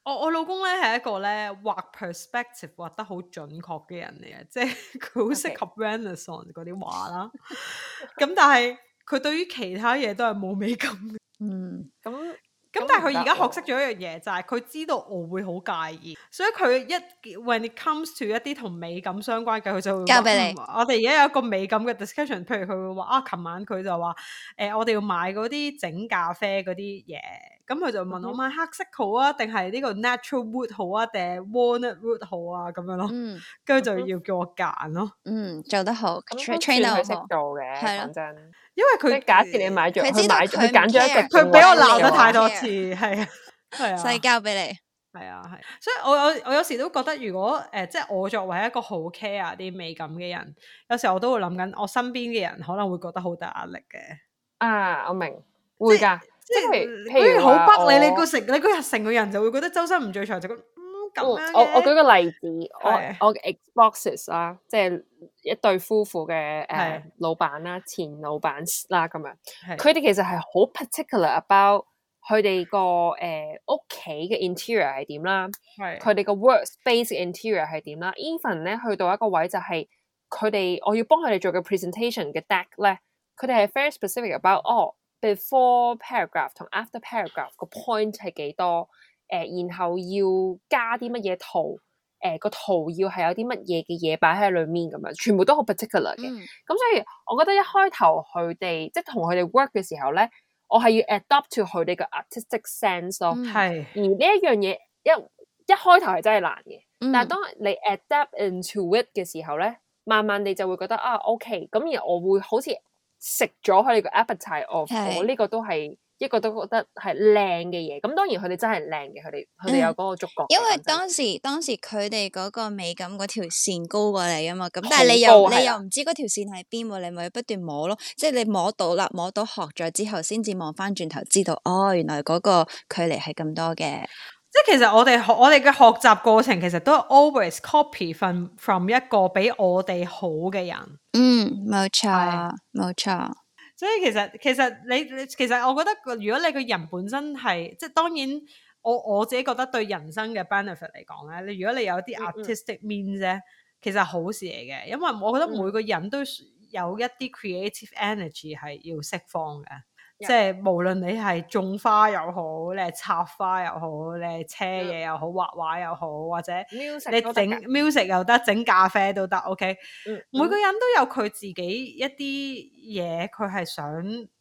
我我老公咧係一個咧畫 perspective 畫得好準確嘅人嚟嘅，即係佢好適合 Renaissance 嗰啲畫啦。咁但係佢對於其他嘢都係冇美感嘅。嗯。咁。咁但係佢而家學識咗一樣嘢，就係佢知道我會好介意，所以佢一 when it comes to 一啲同美感相關嘅，佢就會交俾你。嗯、我哋而家有一個美感嘅 discussion，譬如佢會話啊，琴晚佢就話誒、呃，我哋要買嗰啲整咖啡嗰啲嘢。咁佢就問我買黑色好啊，定係呢個 natural wood 好啊，定係 walnut wood 好啊，咁樣咯。嗯，跟住就要叫我揀咯。嗯，做得好，咁 train 到我。係咯正，因為佢假設你買咗，佢揀咗一隻，佢俾我鬧得太多次，係啊，係啊的。細 交俾你，係啊，係。所以我有我有時都覺得，如果誒、呃，即係我作為一個好 care 啲美感嘅人，有時候我都會諗緊，我身邊嘅人可能會覺得好大壓力嘅。啊，我明會噶。即係，譬如好北我你，你個成，你嗰日成個人就會覺得周身唔聚財，就咁咁、嗯、我我舉個例子，我的我 ex-bosses 啦、啊，即係一對夫婦嘅誒老闆啦，前老闆啦咁樣，佢哋的其實係好 particular about 佢哋個誒屋企嘅 interior 係點啦，佢哋個的 work space interior 係點啦，even 咧去到一個位就係佢哋我要幫佢哋做嘅 presentation 嘅 deck 咧，佢哋係 very specific about all、哦。Before paragraph 同 after paragraph 個 point 係幾多？誒、呃，然後要加啲乜嘢圖，誒、呃，個圖要係有啲乜嘢嘅嘢擺喺裏面咁樣，全部都好 particular 嘅。咁、mm. 嗯、所以我覺得一開頭佢哋即係同佢哋 work 嘅時候咧，我係要 adopt to 佢哋嘅 artistic sense 咯、mm.。係，而呢一樣嘢一一開頭係真係難嘅，mm. 但係當你 adapt into it 嘅時候咧，慢慢地就會覺得啊 OK，咁而我會好似。食咗佢哋個 appetite 哦是，呢個都係一個都覺得係靚嘅嘢。咁當然佢哋真係靚嘅，佢哋佢哋有嗰個觸覺，覺。因為當時當時佢哋嗰個美感嗰條線高過你啊嘛，咁但係你又高你又唔知嗰條線喺邊喎，你咪不斷摸咯，即係你摸到啦，摸到學咗之後，先至望翻轉頭知道，哦，原來嗰個距離係咁多嘅。即係其實我哋學我哋嘅學習過程，其實都係 always copy from from 一個比我哋好嘅人。嗯，冇錯，冇是錯。所以其實其實你你其實我覺得，如果你個人本身係即係當然我，我我自己覺得對人生嘅 benefit 嚟講咧，你如果你有啲 artistic means、嗯、其實好事嚟嘅。因為我覺得每個人都有一啲 creative energy 係要釋放嘅。即係無論你係種花又好，你係插花又好，你係車嘢又好，畫畫又好， 或者你整 music 又得，整咖啡都得。OK，嗯嗯、每個人都有佢自己一啲嘢，佢係想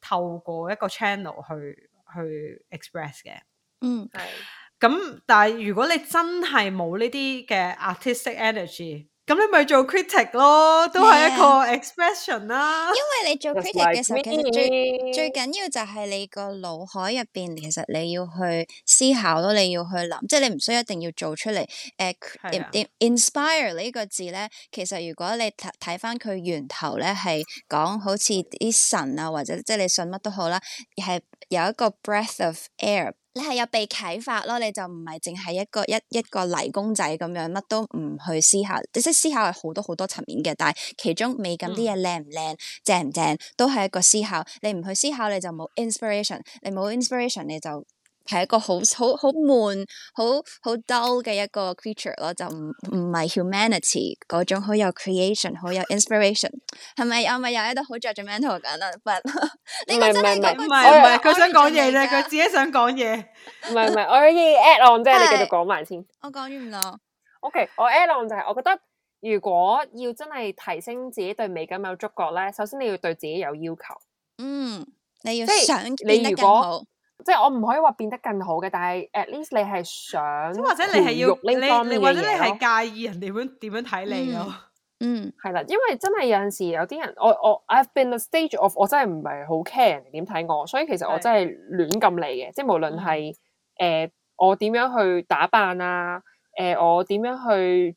透過一個 channel 去去 express 嘅。的嗯，係。咁但係如果你真係冇呢啲嘅 artistic energy。咁你咪做 critic 咯，都係一個 expression 啦、啊。Yeah. 因為你做 critic 嘅時候，s 其實最 me. 最緊要就係你個腦海入邊，其實你要去思考咯，你要去諗，即係你唔需要一定要做出嚟。呃、Yeah. in, in, inspire 呢個字咧，其實如果你睇睇翻佢源頭咧，係講好似啲神啊，或者即係你信乜都好啦，係有一個 breath of air。你係有被啟發咯，你就唔係淨係一個一一個泥公仔咁樣，乜都唔去思考。即係思考係好多好多層面嘅，但係其中美感啲嘢靚唔靚、正唔正，都係一個思考。你唔去思考，你就冇 inspiration。你冇 inspiration，你就……係一個好好好悶、好好，好，好 dull 嘅一個 creature 咯，就唔唔係 humanity 嗰種有 ation，好有 creation、好有 inspiration，係咪？我咪又喺度好 judgmental 緊啦，唔係唔係唔係唔係，佢想講嘢啫，佢自己想講嘢，唔係唔係，我而 add on 即係，你繼續講埋先。我講完啦。OK，我 add on 就係我覺得，如果要真係提升自己對美感有觸覺咧，首先你要對自己有要求。嗯，你要想你如果。即係我唔可以話變得更好嘅，但係 at least 你係想或者你要你你，或者你係要，你你或者你係介意人哋點樣點樣睇你咯，嗯？嗯，係啦，因為真係有陣時有啲人，我我 I've been a stage of 我真係唔係好 care 人點睇我，所以其實我真係亂咁嚟嘅，是即係無論係誒我點樣去打扮啊，誒、呃、我點樣去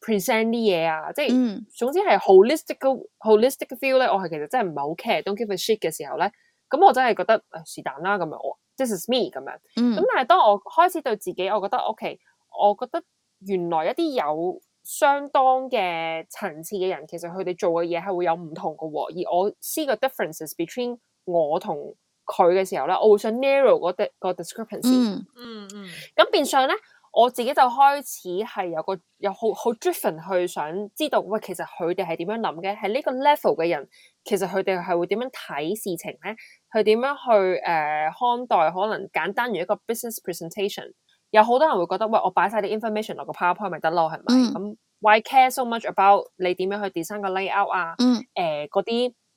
present 啲嘢啊，即係、嗯、總之係 holistic holistic feel 咧，我係其實真係唔係好 care，don't give a shit 嘅時候咧。咁我真係覺得是但啦，咁樣我，this is me 咁樣。咁、mm hmm. 但係當我開始對自己，我覺得 OK，我覺得原來一啲有相當嘅層次嘅人，其實佢哋做嘅嘢係會有唔同嘅喎、啊。而我 see 個 differences between 我同佢嘅時候咧，我會想 narrow 嗰個 description。嗯嗯咁變相咧。我自己就開始係有個有好好 driven 去想知道，喂，其實佢哋係點樣諗嘅？係呢個 level 嘅人，其實佢哋係會點樣睇事情咧？佢點樣去誒、呃、看待？可能簡單如一個 business presentation，有好多人會覺得，喂，我擺晒啲 information 落個 powerpoint 咪得咯，係咪？咁、mm. why care so much about 你點樣去 design 個 layout 啊？誒、mm. 呃，嗰啲。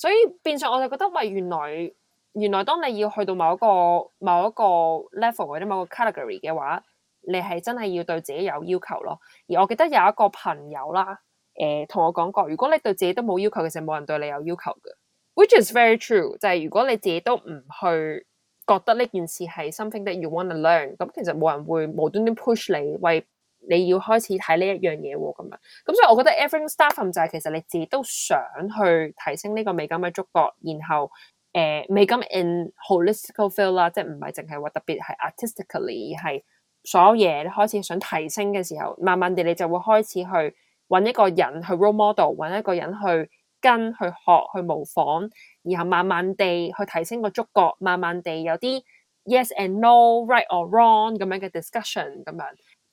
所以變相我就覺得，喂，原來原來當你要去到某一個某一個 level 或者某個 category 嘅話，你係真係要對自己有要求咯。而我記得有一個朋友啦，誒、呃，同我講過，如果你對自己都冇要求，其實冇人對你有要求嘅。Which is very true，就係如果你自己都唔去覺得呢件事係 something that you want to learn，咁其實冇人會無端端 push 你為。你要開始睇呢一樣嘢喎，咁、嗯、樣，咁所以我覺得 every staff 就係其實你自己都想去提升呢個美感嘅觸覺，然後誒美感 in holistical feel 啦，即係唔係淨係話特別係 artistically 係所有嘢你開始想提升嘅時候，慢慢地你就會開始去揾一個人去 role model，揾一個人去跟去學去模仿，然後慢慢地去提升個觸覺，慢慢地有啲 yes and no，right or wrong 咁樣嘅 discussion 咁樣。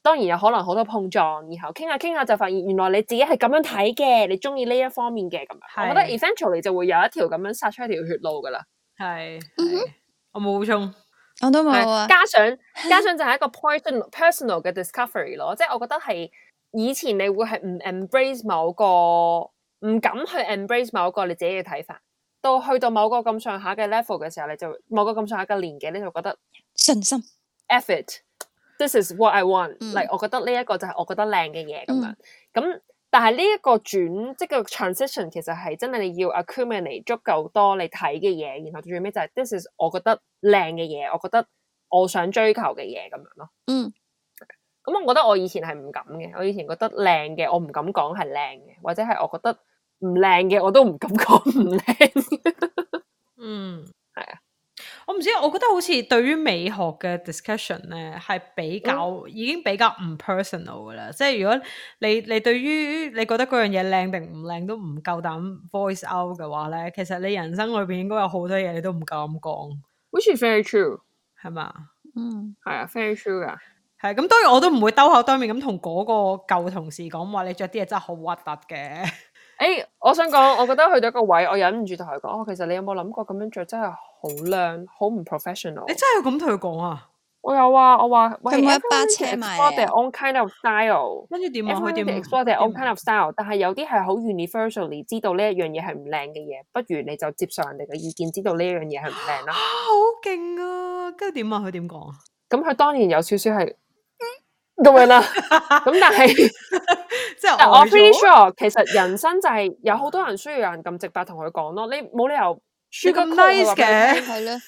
當然有可能好多碰撞，然後傾下傾下就發現原來你自己係咁樣睇嘅，你中意呢一方面嘅咁樣。是我覺得 eventually 就會有一條咁樣殺出一條血路噶啦。係，我冇補充，我都冇啊。加上加上就係一個 personal personal 嘅 discovery 咯，即係我覺得係以前你會係唔 embrace 某個，唔敢去 embrace 某個你自己嘅睇法，到去到某個咁上下嘅 level 嘅時候，你就某個咁上下嘅年紀你就覺得信心生 effort。This is what I want、嗯。嚟，like, 我覺得呢一個就係我覺得靚嘅嘢咁樣。咁、嗯、但係呢一個轉，即、就係、個 transition 其實係真係你要 accumulate 足夠多你睇嘅嘢，然後最尾就係、是嗯、this is 我覺得靚嘅嘢，我覺得我想追求嘅嘢咁樣咯。嗯。咁我覺得我以前係唔敢嘅，我以前覺得靚嘅我唔敢講係靚嘅，或者係我覺得唔靚嘅我都唔敢講唔靚。 嗯，係啊。我唔知，我覺得好似對於美學嘅 discussion 咧，係比較已經比較唔 personal 噶啦。即係如果你你對於你覺得嗰樣嘢靚定唔靚都唔夠膽 voice out 嘅話咧，其實你人生裏邊應該有好多嘢你都唔夠膽講。Which is very true 係嘛吧，嗯係啊 very true 噶，係咁當然我都唔會兜口兜面咁同嗰個舊同事講話你着啲嘢真係好核突嘅。誒、欸，我想講，我覺得去到一個位，我忍唔住同佢講，哦，其實你有冇諗過咁樣着真係好靚，好唔 professional。你真係要咁同佢講啊？我有啊，我話。同咪一班扯埋。Explore their own kind of style。跟住點啊？佢點講？Explore their own kind of style，但係有啲係好 universally 知道呢一樣嘢係唔靚嘅嘢，不如你就接受人哋嘅意見，知道呢樣嘢係唔靚啦。啊，好勁啊！跟住點啊？佢點講？咁佢當然有少少係。咁樣啦，咁 但係是 即係我 pretty sure，其實人生就係有好多人需要有人咁直白同佢講咯，你冇理由 sugar nice 嘅係咧。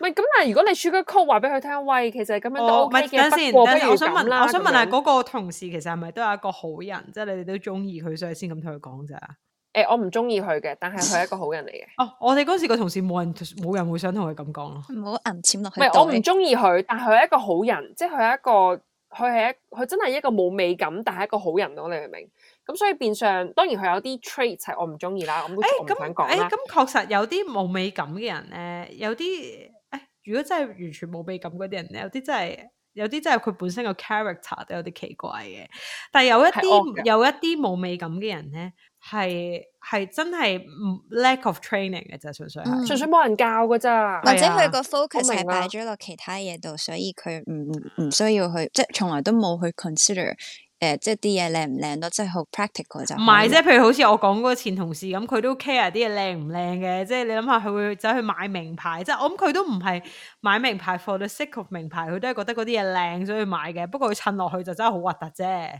唔係咁，但係如果你 sugarcoat 話俾佢聽，喂，其實咁樣都 O K 嘅。不過、哦、我想問，樣我想問下嗰個同事，其實係咪都係一個好人，即係你哋都中意佢，所以先咁同佢講咋？誒，我唔中意佢嘅，但係佢係一個好人嚟嘅。哦，我哋嗰時個同事冇人冇人會想同佢咁講咯。唔好暗潛落去。我唔中意佢，但係佢係一個好人，即係佢係一個。佢係一佢真係一個冇美感，但係一個好人咯，你明唔明？咁所以變相，當然佢有啲 trait 係我唔中意啦。咁都唔想講啦。誒，咁誒、欸，咁、欸、確實有啲冇美感嘅人咧，有啲誒，如果真係完全冇美感嗰啲人咧，有啲真係，有啲真係佢本身個 character 都有啲奇怪嘅。但係有一啲、啊、有一啲冇美感嘅人咧。係係真係唔 lack of training 嘅啫，純粹係純粹冇人教噶咋，或者佢個 focus 係擺咗落其他嘢度，所以佢唔唔需要去，即係從來都冇去 consider，誒、uh,，即係啲嘢靚唔靚咯，即係好 practical 就唔係，即係譬如好似我講嗰個前同事咁，佢都 care 啲嘢靚唔靚嘅，即係你諗下佢會走去買名牌，即係我諗佢都唔係買名牌，for the sake of 名牌，佢都係覺得嗰啲嘢靚，所以買嘅。不過佢襯落去就真係好核突啫。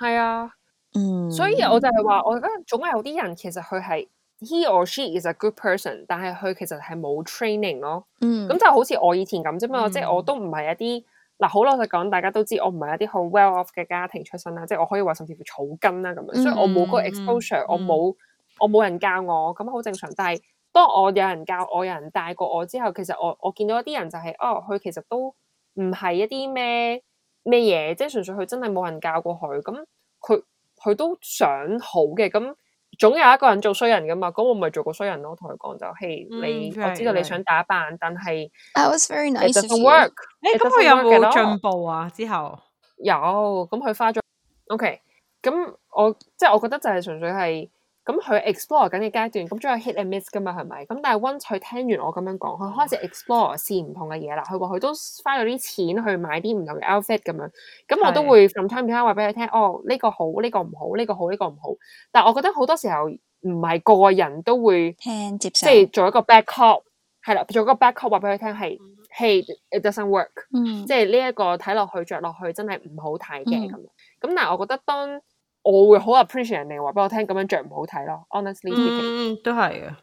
係啊。 對 Mm hmm. 所以我就係話，我覺得總係有啲人其實佢係 He or she is a good person，但係佢其實係冇 training 咯。咁、mm hmm. 就好似我以前咁啫嘛，mm hmm. 即係我都唔係一啲嗱，好老實講，大家都知我唔係一啲好 well off 嘅家庭出身啦，即係我可以話甚至乎草根啦咁樣，所以我冇個 exposure，、mm hmm. 我冇我冇人教我，咁好正常。但係當我有人教我，有人帶過我之後，其實我我見到一啲人就係、是、哦，佢其實都唔係一啲咩咩嘢，即係純粹佢真係冇人教過佢，咁佢。佢都想好嘅，咁總有一個人做衰人㗎嘛，咁我咪做個衰人咯，同佢講就係你，是我知道你想打扮，對但係是，I was very nice of you。咁佢有冇進步啊？啊之後有，咁佢花咗。OK，咁我即係我覺得就係純粹係。咁佢 explore 緊嘅階段，咁都有 hit and miss 噶嘛，係咪？咁但係 once 佢聽完我咁樣講，佢開始 explore 試唔同嘅嘢啦。佢話佢都花咗啲錢去買啲唔同嘅 outfit 咁樣。咁我都會 from time to time 話俾佢聽，的哦呢、這個好，呢、這個唔好，呢、這個好，呢、這個唔好。但係我覺得好多時候唔係個人都會聽接受，即係做一個 back up，係啦，做一個 back up 話俾佢聽係，hey it doesn't work，、嗯、即係呢一個睇落去着落去真係唔好睇嘅咁。咁、嗯嗯、但係我覺得當我會我好 appreciate 人哋話俾我聽咁樣着唔好睇咯，honestly 都係嘅，係啊、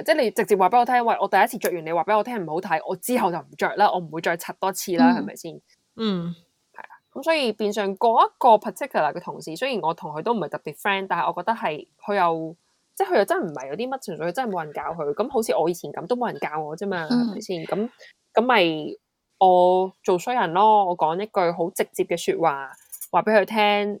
嗯，即係你直接話俾我聽，喂，我第一次着完你話俾我聽唔好睇，我之後就唔着啦，我唔會再刷多次啦，係咪先？嗯，係啊，咁所以變相嗰一個 particular 嘅同事，雖然我同佢都唔係特別 friend，但係我覺得係佢又即係佢又真係唔係有啲乜，純粹佢真係冇人教佢，咁好似我以前咁都冇人教我啫嘛，係咪先？咁咁咪我做衰人咯，我講一句好直接嘅說話，話俾佢聽。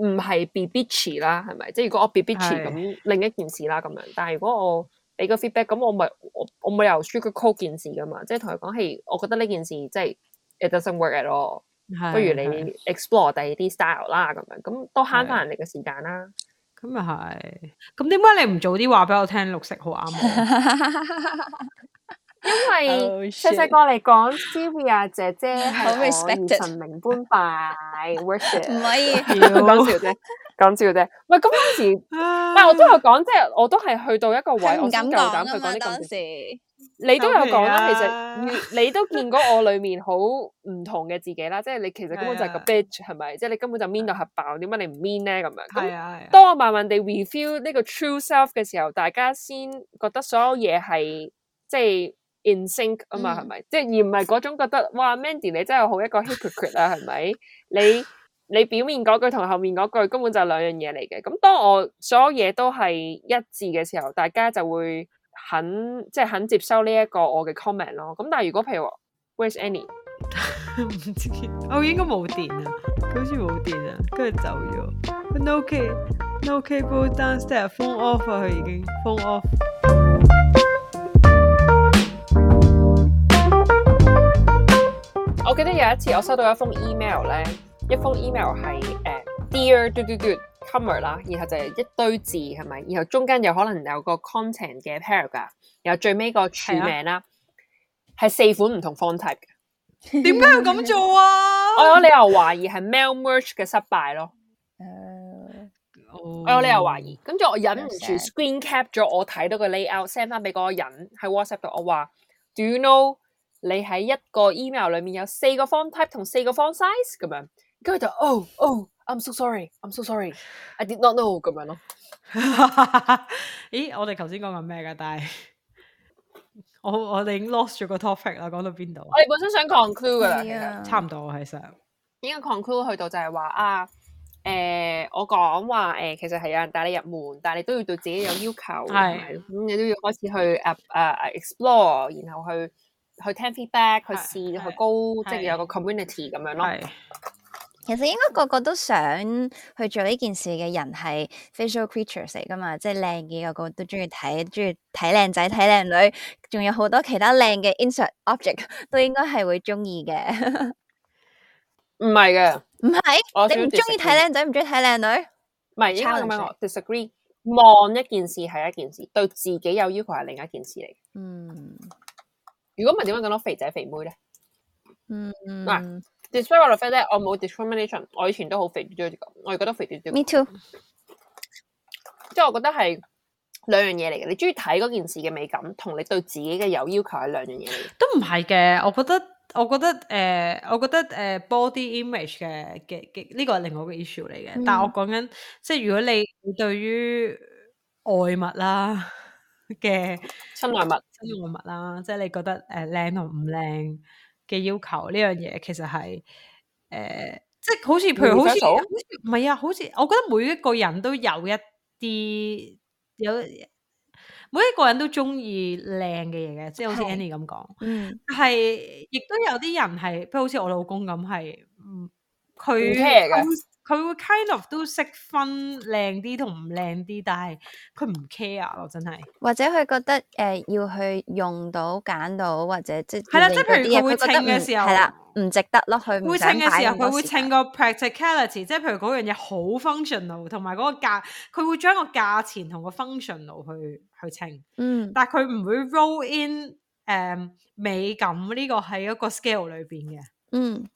唔係 be bitchy 啦，係咪？即係如果我 be bitchy 咁另一件事啦，咁樣。但係如果我俾個 feedback，咁我咪我我冇理由 sugar coat 件事噶嘛？即係同佢講係，我覺得呢件事即係 it doesn't work at all 咯。不如你 explore 第二啲 style 啦，咁樣咁都慳翻人哋嘅時間啦。咁又係，咁點解你唔早啲話俾我聽？綠色好啱我。 因為細細個嚟講，Sylvia 姐姐係我如神明般拜，唔可以講笑啫，講笑啫。喂，咁當時，但係我都有講，即係我都係去到一個位，我唔敢講。咁當時。你都有講啦，其實你都見過我裏面好唔同嘅自己啦，即係你其實根本就係個 bitch，係咪？即係你根本就 mean 到核爆，點解你唔 mean 咧？咁樣咁，當我慢慢地 reveal 呢個 true self 嘅時候，大家先覺得所有嘢係即係。In sync 啊嘛，係咪？即係而唔係嗰種覺得，哇，Mandy 你真係好一個 hypocrite 啊，係咪？你你表面嗰句同後面嗰句根本就係兩樣嘢嚟嘅。咁當我所有嘢都係一致嘅時候，大家就會肯即係肯接收呢一個我嘅 comment 咯。咁但係如果譬如話，Where’s Annie？唔知我應該冇電啊，佢好似冇電啊，跟住走咗。No key，no key，put down the phone off 佢已經 phone off。我記得有一次我收到一封 email 咧，一封 email 係、uh, dear Dude 嘟嘟嘟 comer 啦，然後就係一堆字係咪？然後中間有可能有個 content 嘅 paragraph，然後最尾個署名啦，係、啊、四款唔同 font type 嘅。點解、啊、要咁做啊？我有理由懷疑係 mail merge 嘅失敗咯。誒，uh, 我有理由懷疑。咁就我忍唔住 screen cap 誰咗，我睇到個 layout send 翻俾嗰個人喺 WhatsApp 度，我話：Do you know？你喺一個 email 裏面有四個 font type 同四個 font size 咁樣，跟住就 oh oh I'm so sorry I'm so sorry I did not know 咁樣咯。 咦，我哋頭先講緊咩噶？但係我我哋已經 lost 咗個 topic 啦，講到邊度？我哋本身想 conclude 噶啦，Yeah. 差唔多、啊呃說說呃，其實已經 conclude 去到就係話啊，誒，我講話誒，其實係有人帶你入門，但係你都要對自己有要求，係咁你都要開始去誒 explore，然後去。去聽 feedback，去試去高，的即係有個 community 咁樣咯。的其實應該個個都想去做呢件事嘅人係 visual creatures 嚟噶嘛，即係靚嘅個個都中意睇，中意睇靚仔睇靚女，仲有好多其他靚嘅 insert object 都應該係會中意嘅。唔係嘅，唔係是。你唔中意睇靚仔，唔中意睇靚女，唔係。應該咁 disagree。望 一件事係一件事，對自己有要求係另一件事嚟。嗯。如果唔係點解咁多肥仔肥妹咧？嗯，嗱，despite，我冇 discrimination，我以前都好肥，我亦覺得肥啲啲。Me too。即係我覺得係兩樣嘢嚟嘅，你中意睇嗰件事嘅美感，同你對自己嘅有要求係兩樣嘢嚟。都唔係嘅，我覺得，我覺得，誒、呃，我覺得，誒、呃呃、body image 嘅嘅嘅呢個係另外一個 issue 嚟嘅。嗯、但係我講緊，即、就、係、是、如果你你對於外物啦、啊。嘅親愛物，親愛物啦，即係你覺得誒，靚同唔靚嘅要求呢樣嘢，其實係誒、呃，即係好似譬如好似好似，唔係啊，好似我覺得每一個人都有一啲有，每一個人都中意靚嘅嘢嘅，即係好似 Annie 咁講，係亦是都有啲人係，譬如好似我老公咁係，嗯，佢。佢會 kind of 都識分靚啲同唔靚啲，但係佢唔 care 咯，真係。或者佢覺得誒、呃、要去用到揀到，或者即係啦，即係譬如佢會稱嘅時候，係啦，唔值得咯，佢唔會稱嘅時候，佢會稱個 practicality，即係譬如嗰樣嘢好 functional，同埋嗰個價，佢會將個價錢同個 functional 去去稱。嗯。但係佢唔會 roll in 誒美感呢個喺一個 scale 裏邊嘅。嗯。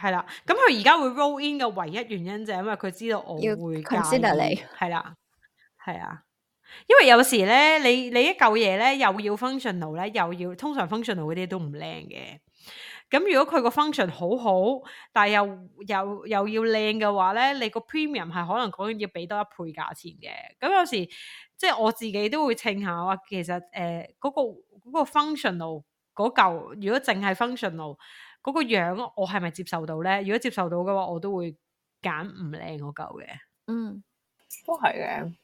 係啦，咁佢而家會 roll in 嘅唯一原因就係因為佢知道我會你。係啦，係啊，因為有時咧，你你一舊嘢咧又要 functional 咧，又要，又要通常 functional 嗰啲都唔靚嘅。咁如果佢個 function 好好，但係又又又要靚嘅話咧，你個 premium 係可能講緊要俾多一倍價錢嘅。咁有時即係我自己都會稱下話，其實誒嗰、呃嗰個、嗰個 functional 嗰舊，如果淨係 functional。嗰個樣我係咪接受到咧？如果接受到嘅話，我都會揀唔靚嗰嚿嘅。嗯，都係嘅。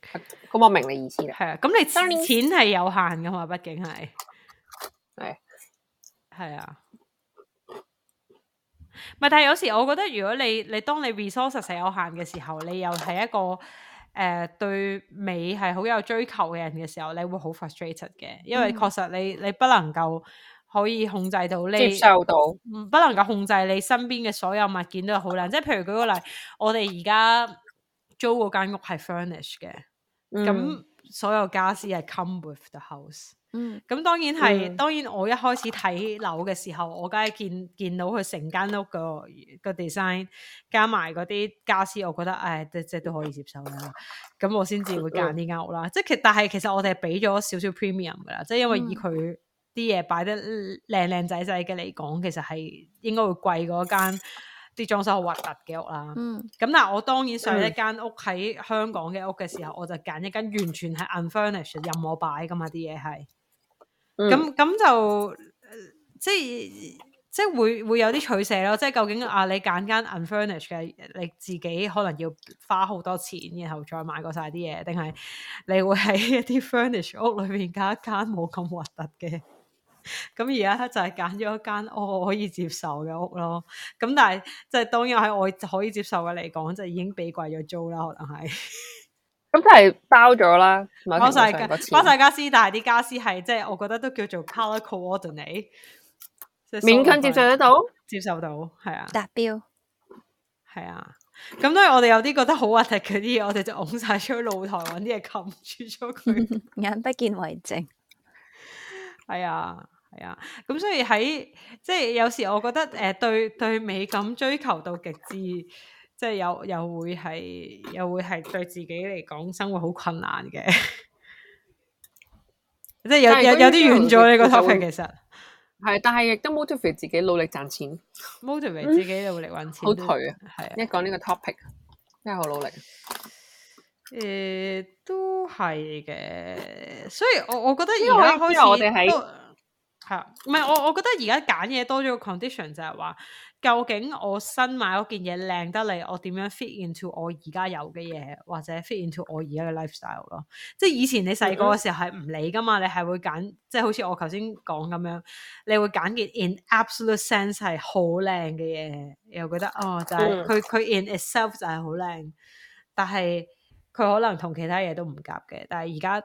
咁我、嗯、明你意思啦。係啊，咁你錢係 Sorry, 有限㗎嘛？畢竟係係係啊。咪的，但係有時我覺得，如果你你當你 resource 係有限嘅時候，你又係一個誒、呃、對美係好有追求嘅人嘅時候，你會好 frustrated 嘅，因為確實你你不能夠、嗯。可以控制到呢，接受到，不能夠控制你身邊嘅所有物件都好靚。即係譬如舉個例，我哋而家租嗰間屋係 furnished 嘅，咁、嗯、所有家私係 come with the house。咁、嗯、當然係，嗯、當然我一開始睇樓嘅時候，我梗係見見到佢成間屋個個 design，加埋嗰啲家私，我覺得誒、哎，即係都可以接受啦。咁我先至會揀呢間屋啦。即係、嗯，但係其實我哋係俾咗少少 premium 噶啦，即係因為以佢。嗯啲嘢擺得靚靚仔仔嘅嚟講，其實係應該會貴過間啲裝修好核突嘅屋啦。咁、嗯、但係我當然上一間屋喺、嗯、香港嘅屋嘅時候，我就揀一間完全係 unfurnished，任我擺噶嘛啲嘢係。咁咁、嗯、就、呃、即係即係會會有啲取捨咯。即係究竟啊，你揀間 unfurnished 嘅，你自己可能要花好多錢，然後再買過晒啲嘢，定係你會喺一啲 furnished 屋裏面加一間冇咁核突嘅？咁而家就係揀咗一間我可以接受嘅屋咯，咁、嗯、但係即係當然喺我可以接受嘅嚟講，就是、已經比貴咗租啦，可能係，咁即係包咗啦，包晒家包晒家私，但係啲家私係即係我覺得都叫做 color coordination 勉強接,接受得到，接受到係啊達標係啊，咁當然我哋有啲覺得好核突嗰啲嘢，我哋就㧬晒出去露台搵啲嘢冚住咗佢， 眼不見為淨係啊。 哎係啊，咁、嗯、所以喺即係有時我覺得誒、呃，對對美感追求到極致，即係又又會係又會係對自己嚟講生活好困難嘅， 即係有是有有啲遠咗呢個 topic 其實係，但係亦都 motivate 自己努力賺錢，motivate、嗯、自己努力揾錢，好頹啊，係、嗯，對一講呢個 topic 真係好努力。誒、嗯，都係嘅，所以我我覺得而家開始。唔係、啊、我我覺得而家揀嘢多咗個 condition 就係話，究竟我新買嗰件嘢靚得嚟，我點樣 fit into 我而家有嘅嘢，或者 fit into 我而家嘅 lifestyle 咯？即係以前你細個嘅時候係唔理噶嘛，你係會揀、嗯嗯、即係好似我頭先講咁樣，你會揀件 in absolute sense 係好靚嘅嘢，又覺得哦就係佢佢 in itself 就係好靚，但係佢可能同其他嘢都唔夾嘅，但係而家。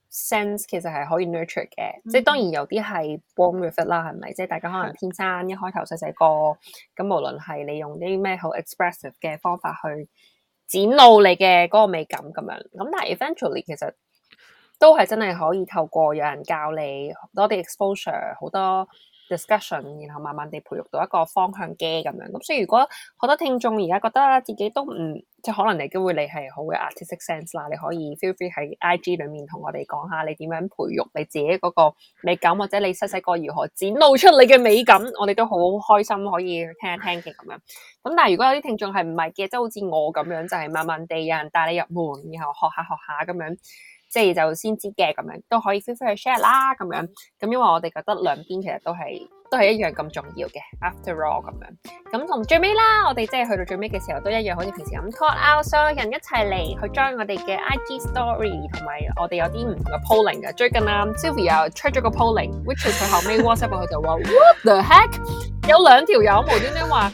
sense 其實係可以 nurture 嘅，即係當然有啲係 born with it 啦，係咪？即係大家可能天生一開頭細細個，咁無論係你用啲咩好 expressive 嘅方法去展露你嘅嗰個美感咁樣，咁但係 eventually 其實都係真係可以透過有人教你，多啲 exposure，好多，discussion，然後慢慢地培育到一個方向嘅咁樣，咁所以如果好多聽眾而家覺得自己都唔，即係可能你都會你係好嘅 artistic sense 啦，你可以 feel free 喺 IG 裡面同我哋講下你點樣培育你自己嗰個美感，或者你細細個如何展露出你嘅美感，我哋都好開心可以聽一聽嘅咁樣。咁但係如果有啲聽眾係唔係嘅，即係好似我咁樣，就係慢慢地有人帶你入門，然後學下學下咁樣。即係就先知嘅咁樣，都可以 free free 去 share 啦咁樣。咁因為我哋覺得兩邊其實都係都係一樣咁重要嘅，after all 咁樣。咁同最尾啦，我哋即係去到最尾嘅時候都一樣，好似平時咁 call out 所有人一齊嚟去 join 我哋嘅 IG story，同埋我哋有啲唔同嘅 polling 嘅。最近啊，Sylvia 出咗個 polling，which 佢後尾 WhatsApp 佢 就話 What the heck？有兩條友無端端話。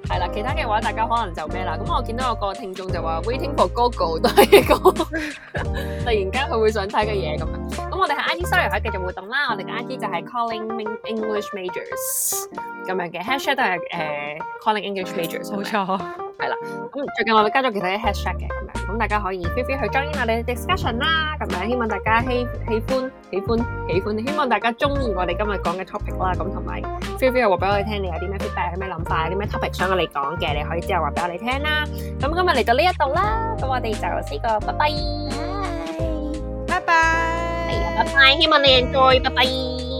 係啦，其他嘅話大家可能就咩啦，咁我見到有個聽眾就話 waiting for Google 都係一個，突然間佢會想睇嘅嘢咁樣，咁我哋喺 IG story 可以繼續活動啦，我哋嘅 IG 就係 Calling English majors 咁樣嘅，hashtag 都係誒 Calling English majors，冇錯，係啦，咁最近我哋加咗其他嘅 hashtag 嘅，咁樣，咁大家可以 feel free 去 join 我哋嘅 discussion 啦，咁樣，希望大家喜喜歡喜歡喜歡，希望大家中意我哋今日講嘅 topic 啦，咁同埋 feel free 又話俾我哋聽你有啲咩 feedback，有咩諗法，有啲咩 topic 想我哋。你講嘅，你可以之後話俾我哋聽，嗯、啦。咁今日嚟到呢一度啦，咁我哋就先個拜拜，拜拜，係啊，拜拜，希望你 enjoy，拜拜。Bye bye.